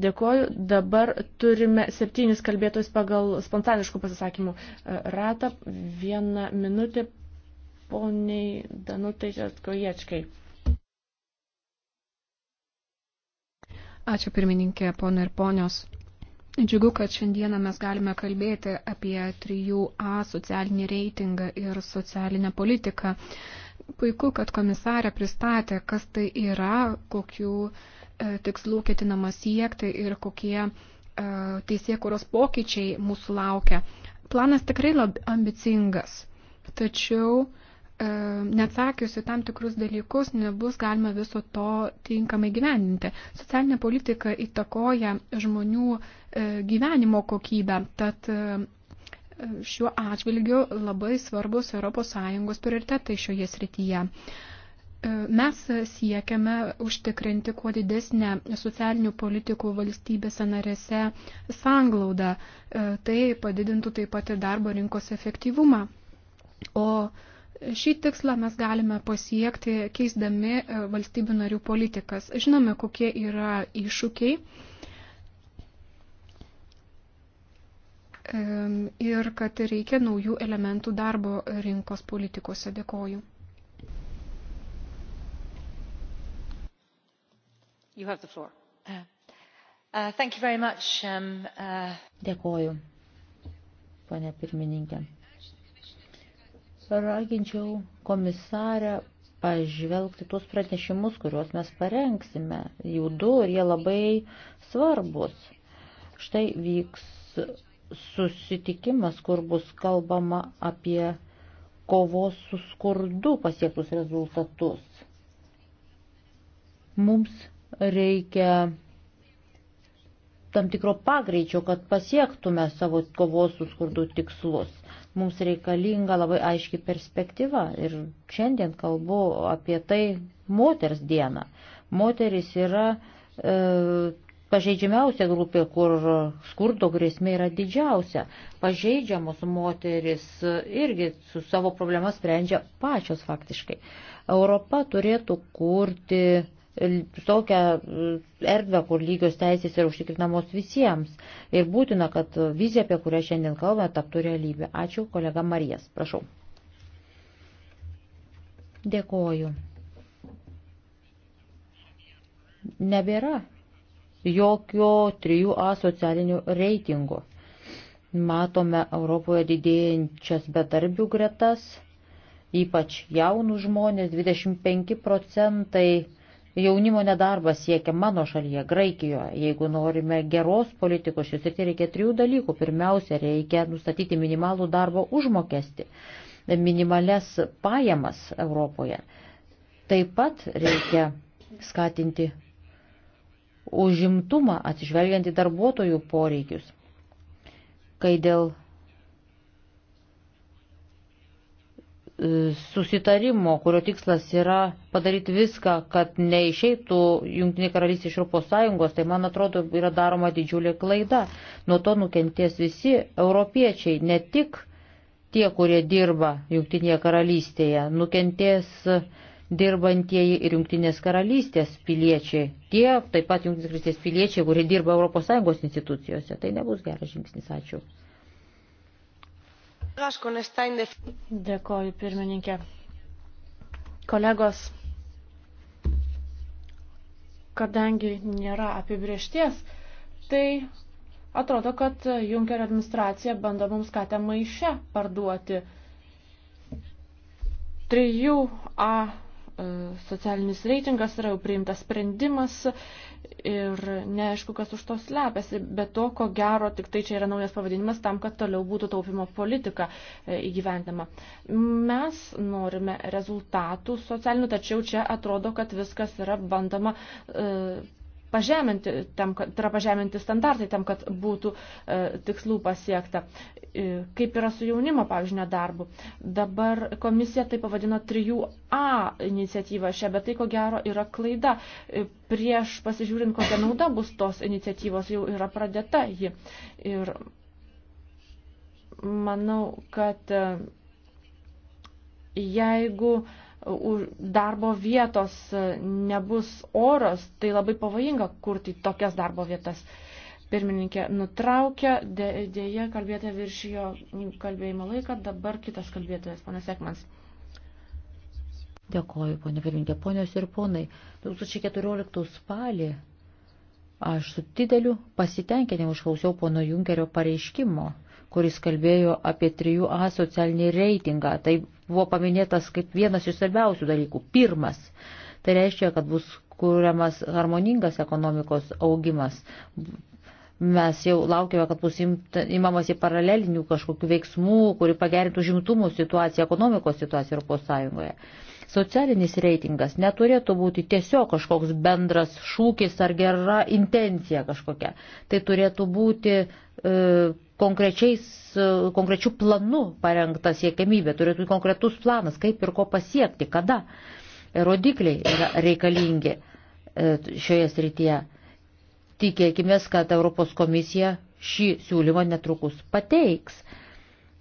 Dėkoju. Dabar turime septynis kalbėtojus pagal spontaniškų pasisakymų e, ratą. Vieną minutę poniai Danutai Žatkoječkai. Ačiū pirmininkė, pono ir ponios. Džiugu, kad šiandieną mes galime kalbėti apie 3A socialinį reitingą ir socialinę politiką. Puiku, kad komisarė pristatė, kas tai yra, kokiu e, tikslų ketinama siekti ir kokie e, teisėkuros pokyčiai mūsų laukia. Planas tikrai labai ambicingas, tačiau e, E, neatsakius į tam tikrus dalykus nebus galima viso to tinkamai gyveninti. Socialinė politika įtakoja žmonių e, gyvenimo kokybę, tad e, šiuo atžvilgiu labai svarbus ES prioritetai šioje srityje. Mes siekiame užtikrinti kuo didesnę socialinių politikų valstybėse narėse sanglaudą. Tai padidintų taip pat ir darbo rinkos efektyvumą. O Šį tikslą mes galime pasiekti keisdami e, valstybių narių politikas. Žinome, kokie yra iššūkiai ir kad reikia naujų elementų darbo rinkos politikose. Dėkoju. You have the floor. Uh, uh thank you very much. Um, uh... Dėkoju, ponė pirmininkė raginčiau komisarę pažvelgti tuos pranešimus, kuriuos mes parengsime. Jų du ir jie labai svarbus. Štai vyks susitikimas, kur bus kalbama apie kovos su skurdu pasiektus rezultatus. Mums reikia tam tikro pagreičio, kad pasiektume savo kovos su skurdu tikslus. Mums reikalinga labai aiški perspektyva ir šiandien kalbu apie tai moters dieną. Moteris yra e, pažeidžiamiausia grupė, kur skurdo grėsmė yra didžiausia. Pažeidžiamos moteris irgi su savo problema sprendžia pačios faktiškai. Europa turėtų kurti tokią mm, erdvę, kur lygios teisės yra užtikrinamos visiems. Ir būtina, kad vizija, apie kurią šiandien kalbame, taptų realybė. Ačiū, kolega Marijas. Prašau. Dėkoju. Nebėra jokio 3A socialinių reitingų. Matome Europoje didėjančias bedarbių gretas, ypač jaunų žmonės, 25 procentai Jaunimo nedarbas siekia mano šalyje, Graikijoje. Jeigu norime geros politikos šios ir tai reikia trijų dalykų. Pirmiausia, reikia nustatyti minimalų darbo užmokestį, minimales pajamas Europoje. Taip pat reikia skatinti užimtumą atsižvelgiant į darbuotojų poreikius. Kai dėl susitarimo, kurio tikslas yra padaryti viską, kad neišeitų Junktinė karalystė iš Europos Sąjungos, tai man atrodo yra daroma didžiulė klaida. Nuo to nukentės visi europiečiai, ne tik tie, kurie dirba Junktinėje karalystėje, nukentės dirbantieji ir Junktinės karalystės piliečiai, tie taip pat Junktinės karalystės piliečiai, kurie dirba Europos Sąjungos institucijose. Tai nebus geras žingsnis. Ačiū. Dėkoju, pirmininkė. Kolegos, kadangi nėra apibriešties, tai atrodo, kad Junkerio administracija bando mums katę maišę parduoti. 3A E, socialinis reitingas yra jau priimtas sprendimas ir neaišku, kas už to slepiasi, bet to, ko gero, tik tai čia yra naujas pavadinimas tam, kad toliau būtų taupimo politika e, įgyvendama. Mes norime rezultatų socialinių, tačiau čia atrodo, kad viskas yra bandama e, pažeminti, tam, kad, tai yra pažeminti standartai tam, kad būtų e, tikslų pasiekta. E, kaip yra su jaunimo, pavyzdžiui, nedarbu. Dabar komisija tai pavadino 3A iniciatyvą šią, bet tai ko gero yra klaida. E, prieš pasižiūrint, kokia nauda bus tos iniciatyvos, jau yra pradėta ji. Ir manau, kad e, jeigu uh, darbo vietos nebus oros, tai labai pavojinga kurti tokias darbo vietas. Pirmininkė nutraukė, dėje kalbėtė virš jo kalbėjimo laiką, dabar kitas kalbėtojas, panas Ekmans. Dėkoju, ponė pirmininkė, ponios ir ponai. 2014 spalį aš su dideliu pasitenkinimu išklausiau pono Junkerio pareiškimo kuris kalbėjo apie 3A socialinį reitingą. Tai buvo paminėtas kaip vienas iš svarbiausių dalykų. Pirmas. Tai reiškia, kad bus kuriamas harmoningas ekonomikos augimas. Mes jau laukiame, kad bus imamasi paralelinių kažkokių veiksmų, kuri pagerintų žimtumų situaciją, ekonomikos situaciją Europos Sąjungoje. Socialinis reitingas neturėtų būti tiesiog kažkoks bendras šūkis ar gera intencija kažkokia. Tai turėtų būti e, konkrečių planų parengta siekiamybė, turėtų konkretus planas, kaip ir ko pasiekti, kada. Rodikliai yra reikalingi e, šioje srityje. Tikėkime, kad Europos komisija šį siūlymą netrukus pateiks.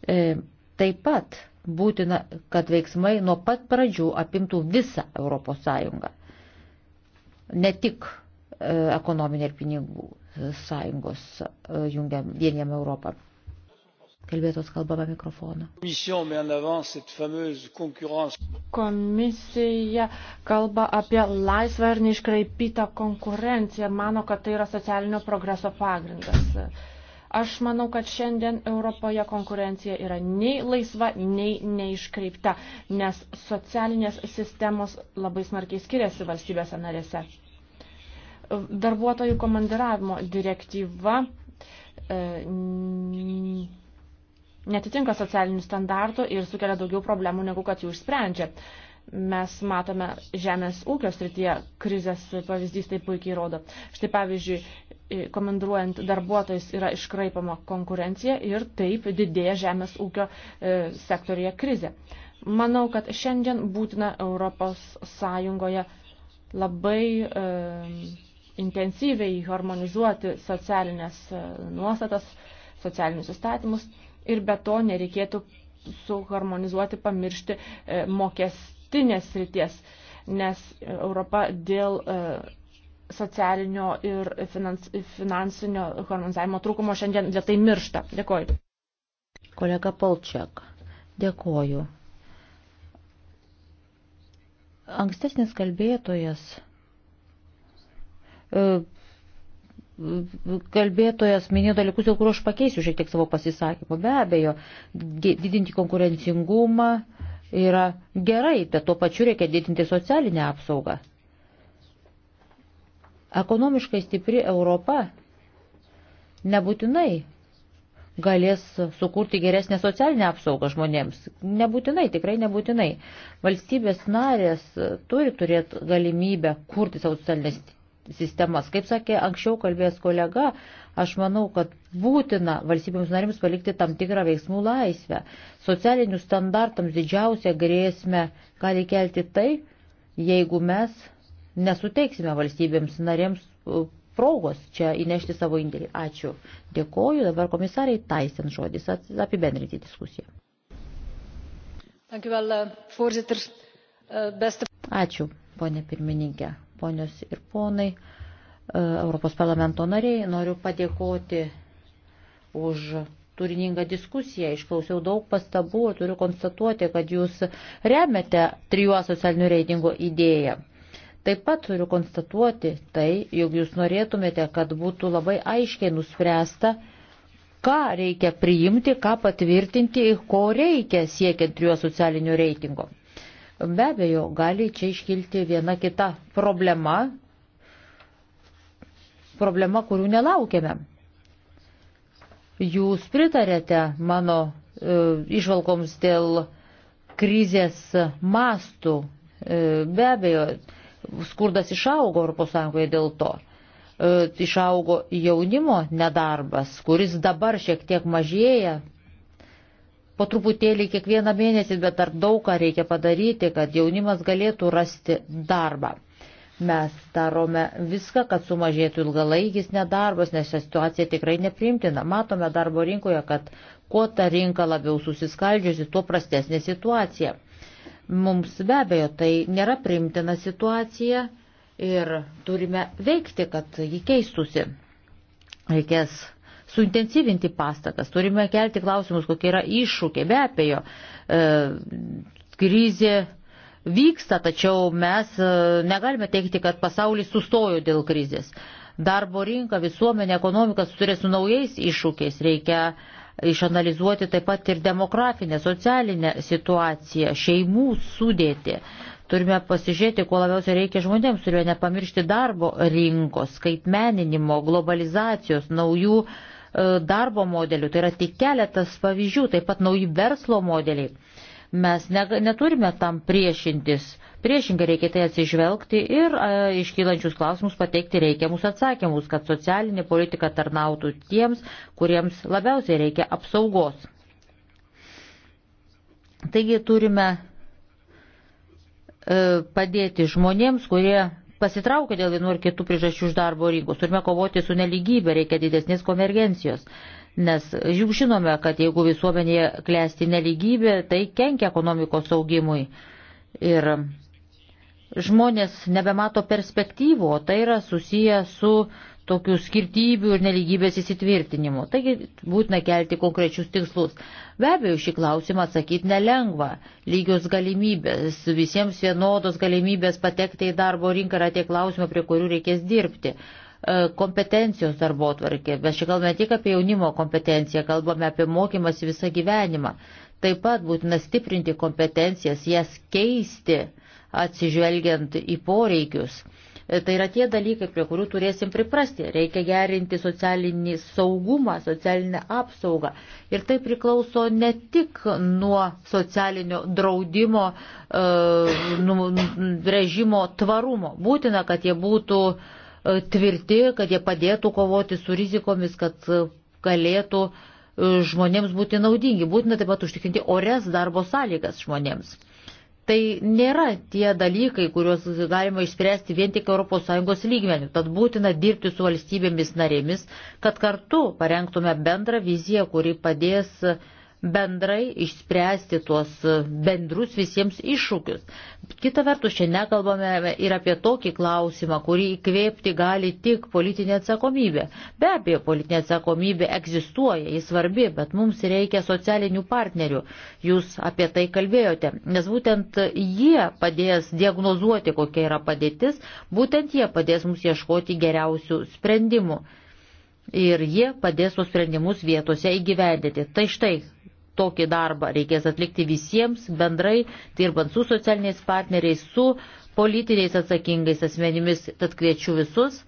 E, taip pat būtina, kad veiksmai nuo pat pradžių apimtų visą Europos Sąjungą. Ne tik e, ekonominę ir pinigų sąjungos e, jungiam, vieniam Europą. Kalbėtos kalbama mikrofoną. Komisija kalba apie laisvą ir neiškraipytą konkurenciją ir mano, kad tai yra socialinio progreso pagrindas. Aš manau, kad šiandien Europoje konkurencija yra nei laisva, nei neiškreipta, nes socialinės sistemos labai smarkiai skiriasi valstybėse narėse. Darbuotojų komandiravimo direktyva e, netitinka socialinių standartų ir sukelia daugiau problemų, negu kad jų išsprendžia. Mes matome žemės ūkio srityje krizės pavyzdys tai puikiai rodo. Štai pavyzdžiui, e, komandiruojant darbuotojus yra iškraipama konkurencija ir taip didėja žemės ūkio e, sektorija krizė. Manau, kad šiandien būtina Europos Sąjungoje labai e, intensyviai harmonizuoti socialinės e, nuostatas, socialinius įstatymus ir be to nereikėtų suharmonizuoti, pamiršti e, mokestinės ryties, nes Europa dėl e, socialinio ir finans, finansinio harmonizavimo trūkumo šiandien lietai miršta. Dėkoju. Kolega Polčiak, dėkoju. Ankstesnis kalbėtojas kalbėtojas minėjo dalykus, dėl kurių aš pakeisiu šiek tiek savo pasisakymą. Be abejo, didinti konkurencingumą yra gerai, bet tuo pačiu reikia didinti socialinę apsaugą. Ekonomiškai stipri Europa nebūtinai galės sukurti geresnę socialinę apsaugą žmonėms. Nebūtinai, tikrai nebūtinai. Valstybės narės turi turėti galimybę kurti savo socialinės sistemas. Kaip sakė anksčiau kalbėjęs kolega, aš manau, kad būtina valstybėms narims palikti tam tikrą veiksmų laisvę. Socialinių standartams didžiausia grėsmė gali kelti tai, jeigu mes nesuteiksime valstybėms narėms progos čia įnešti savo indėlį. Ačiū. Dėkoju. Dabar komisarai Taisen žodis apibendrinti diskusiją. Eh, Ačiū, ponė pirmininkė ponios ir ponai, e, Europos parlamento nariai, noriu padėkoti už turiningą diskusiją, išklausiau daug pastabų ir turiu konstatuoti, kad jūs remiate trijų socialinių reitingų idėją. Taip pat turiu konstatuoti tai, jog jūs norėtumėte, kad būtų labai aiškiai nuspręsta, ką reikia priimti, ką patvirtinti, ko reikia siekiant trijų socialinių reitingų. Be abejo, gali čia iškilti viena kita problema, problema, kurių nelaukėme. Jūs pritarėte mano e, išvalgoms dėl krizės mastų. E, be abejo, skurdas išaugo Europos Sąjungoje dėl to. E, išaugo jaunimo nedarbas, kuris dabar šiek tiek mažėja, po truputėlį kiekvieną mėnesį, bet dar daug ką reikia padaryti, kad jaunimas galėtų rasti darbą. Mes darome viską, kad sumažėtų ilgalaikis nedarbas, nes šią situaciją tikrai neprimtina. Matome darbo rinkoje, kad kuo ta rinka labiau susiskaldžiusi, tuo prastesnė situacija. Mums be abejo tai nėra primtina situacija ir turime veikti, kad ji keistusi. Reikės suintensyvinti pastatas, turime kelti klausimus, kokie yra iššūkiai. Be abejo, e, krizė vyksta, tačiau mes e, negalime teikti, kad pasaulis sustojo dėl krizės. Darbo rinka, visuomenė, ekonomika susiduria su naujais iššūkiais. Reikia išanalizuoti taip pat ir demografinę, socialinę situaciją, šeimų sudėti. Turime pasižiūrėti, ko labiausiai reikia žmonėms, turime nepamiršti darbo rinkos, skaitmeninimo, globalizacijos, naujų uh, E, darbo modelių. Tai yra tik keletas pavyzdžių, taip pat nauji verslo modeliai. Mes ne, neturime tam priešintis. Priešingai reikia tai atsižvelgti ir e, iškylančius klausimus pateikti reikiamus atsakymus, kad socialinė politika tarnautų tiems, kuriems labiausiai reikia apsaugos. Taigi turime e, padėti žmonėms, kurie pasitraukia dėl vienų ar kitų priežasčių iš darbo rinkos. Turime kovoti su neligybė, reikia didesnės konvergencijos. Nes juk žinome, kad jeigu visuomenėje klesti neligybė, tai kenkia ekonomikos augimui. Ir žmonės nebemato perspektyvų, o tai yra susiję su uh, tokių skirtybių ir neligybės įsitvirtinimo. Taigi būtina kelti konkrečius tikslus. Be abejo, šį klausimą atsakyti nelengva. Lygios galimybės, visiems vienodos galimybės patekti į darbo rinką yra tie klausimai, prie kurių reikės dirbti e, kompetencijos darbo tvarkė. Mes čia kalbame tik apie jaunimo kompetenciją, kalbame apie mokymasi visą gyvenimą. Taip pat būtina stiprinti kompetencijas, jas keisti, atsižvelgiant į poreikius E, tai yra tie dalykai, prie kurių turėsim priprasti. Reikia gerinti socialinį saugumą, socialinę apsaugą. Ir tai priklauso ne tik nuo socialinio draudimo e, nu, režimo tvarumo. Būtina, kad jie būtų e, tvirti, kad jie padėtų kovoti su rizikomis, kad galėtų žmonėms būti naudingi. Būtina taip pat užtikrinti ores darbo sąlygas žmonėms. Tai nėra tie dalykai, kuriuos galima išspręsti vien tik ES lygmenių. Tad būtina dirbti su valstybėmis narėmis, kad kartu parengtume bendrą viziją, kuri padės uh, bendrai išspręsti tuos bendrus visiems iššūkius. Kita vertus, čia nekalbame ir apie tokį klausimą, kurį įkvėpti gali tik politinė atsakomybė. Be abejo, politinė atsakomybė egzistuoja, jis svarbi, bet mums reikia socialinių partnerių. Jūs apie tai kalbėjote, nes būtent jie padės diagnozuoti, kokia yra padėtis, būtent jie padės mums ieškoti geriausių sprendimų ir jie padės tuos sprendimus vietose įgyvendinti. Tai štai, tokį darbą reikės atlikti visiems bendrai, dirbant su socialiniais partneriais, su politiniais atsakingais asmenimis. Tad kviečiu visus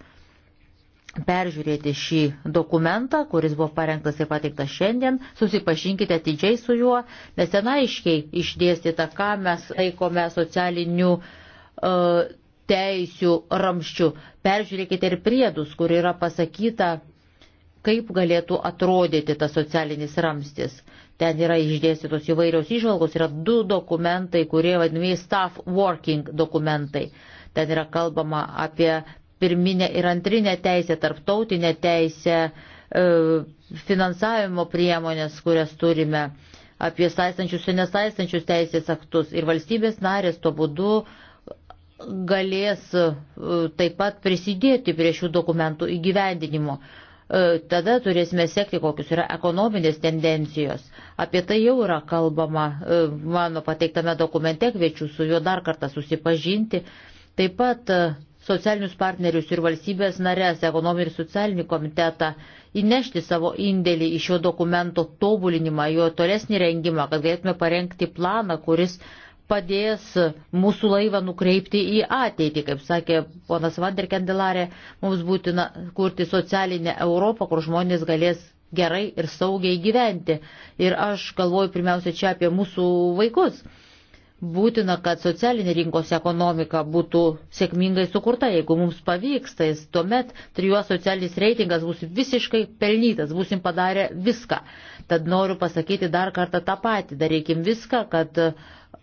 peržiūrėti šį dokumentą, kuris buvo parengtas ir pateiktas šiandien, susipažinkite atidžiai su juo, nes ten aiškiai išdėstyta, ką mes laikome socialinių uh, e, teisių ramščių. Peržiūrėkite ir priedus, kur yra pasakyta, kaip galėtų atrodyti tas socialinis ramstis. Ten yra išdėstytos įvairios išvalgos, yra du dokumentai, kurie vadinami staff working dokumentai. Ten yra kalbama apie pirminę ir antrinę teisę, tarptautinę teisę, e, finansavimo priemonės, kurias turime, apie saistančius ir nesaistančius teisės aktus. Ir valstybės narės to būdu galės e, taip pat prisidėti prie šių dokumentų įgyvendinimo. E, tada turėsime sekti, kokius yra ekonominės tendencijos. Apie tai jau yra kalbama e, mano pateiktame dokumente, kviečiu su juo dar kartą susipažinti. Taip pat e, socialinius partnerius ir valstybės narės, ekonominį ir socialinį komitetą įnešti savo indėlį į šio dokumento tobulinimą, jo tolesnį rengimą, kad galėtume parengti planą, kuris uh, padės mūsų laivą nukreipti į ateitį. Kaip sakė ponas Vanderkendelarė, mums būtina kurti socialinę Europą, kur žmonės galės gerai ir saugiai gyventi. Ir aš galvoju pirmiausia čia apie mūsų vaikus. Būtina, kad socialinė rinkos ekonomika būtų sėkmingai sukurta. Jeigu mums pavyks, tai tuomet trijų socialinis reitingas bus visiškai pelnytas, busim padarę viską. Tad noriu pasakyti dar kartą tą patį. Darykim viską, kad uh,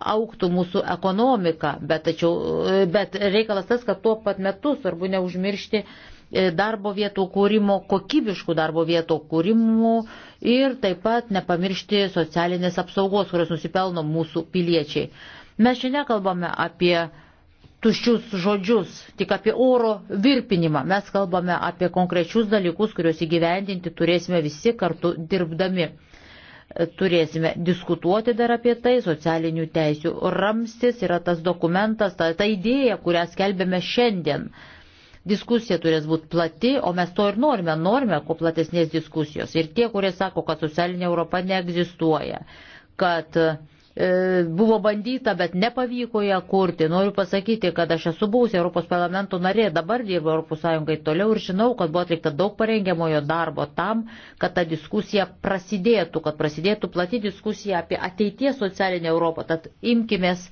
auktų mūsų ekonomika, bet, tačiau, e, bet reikalas tas, kad tuo pat metu svarbu neužmiršti e, darbo vietų kūrimo, kokybiškų darbo vietų kūrimų ir taip pat nepamiršti socialinės apsaugos, kurios nusipelno mūsų piliečiai. Mes šiandien kalbame apie tuščius žodžius, tik apie oro virpinimą. Mes kalbame apie konkrečius dalykus, kuriuos įgyvendinti turėsime visi kartu dirbdami turėsime diskutuoti dar apie tai, socialinių teisių ramstis yra tas dokumentas, ta, ta idėja, kurią skelbėme šiandien. Diskusija turės būti plati, o mes to ir norime, norime kuo platesnės diskusijos. Ir tie, kurie sako, kad socialinė Europa neegzistuoja, kad uh, E, buvo bandyta, bet nepavyko ją kurti. Noriu pasakyti, kad aš esu buvusi Europos parlamento narė, dabar dirbu Europos Sąjungai toliau ir žinau, kad buvo atlikta daug parengiamojo darbo tam, kad ta diskusija prasidėtų, kad prasidėtų plati diskusija apie ateities socialinę Europą. Tad imkimės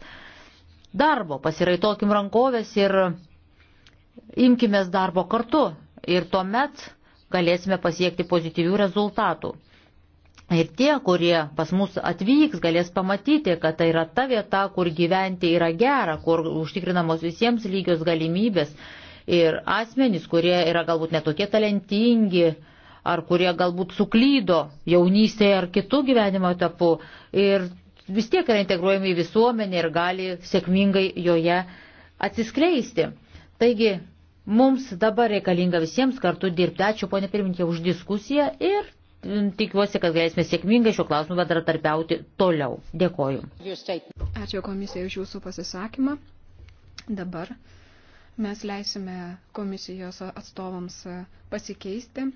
darbo, pasiraitokim rankovės ir imkimės darbo kartu. Ir tuomet galėsime pasiekti pozityvių rezultatų. Ir tie, kurie pas mus atvyks, galės pamatyti, kad tai yra ta vieta, kur gyventi yra gera, kur užtikrinamos visiems lygios galimybės. Ir asmenys, kurie yra galbūt netokie talentingi, ar kurie galbūt suklydo jaunystėje ar kitų gyvenimo etapų, ir vis tiek yra integruojami į visuomenę ir gali sėkmingai joje atsiskleisti. Taigi, mums dabar reikalinga visiems kartu dirbti. Ačiū, ponė pirmininkė, už diskusiją ir Mm, tikiuosi, kad galėsime sėkmingai šiuo klausimu bendratarpiauti toliau. Dėkoju. Ačiū komisijai už jūsų pasisakymą. Dabar mes leisime komisijos atstovams pasikeisti.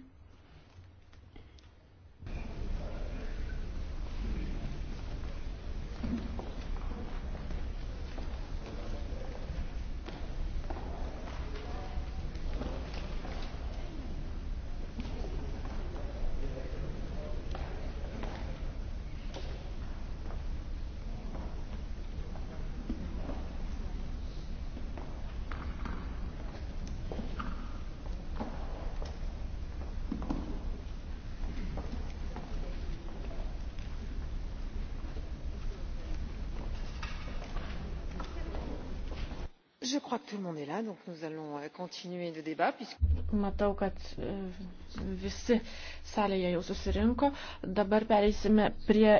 Euh, Matau, kad e, visi salėje jau susirinko. Dabar pereisime prie.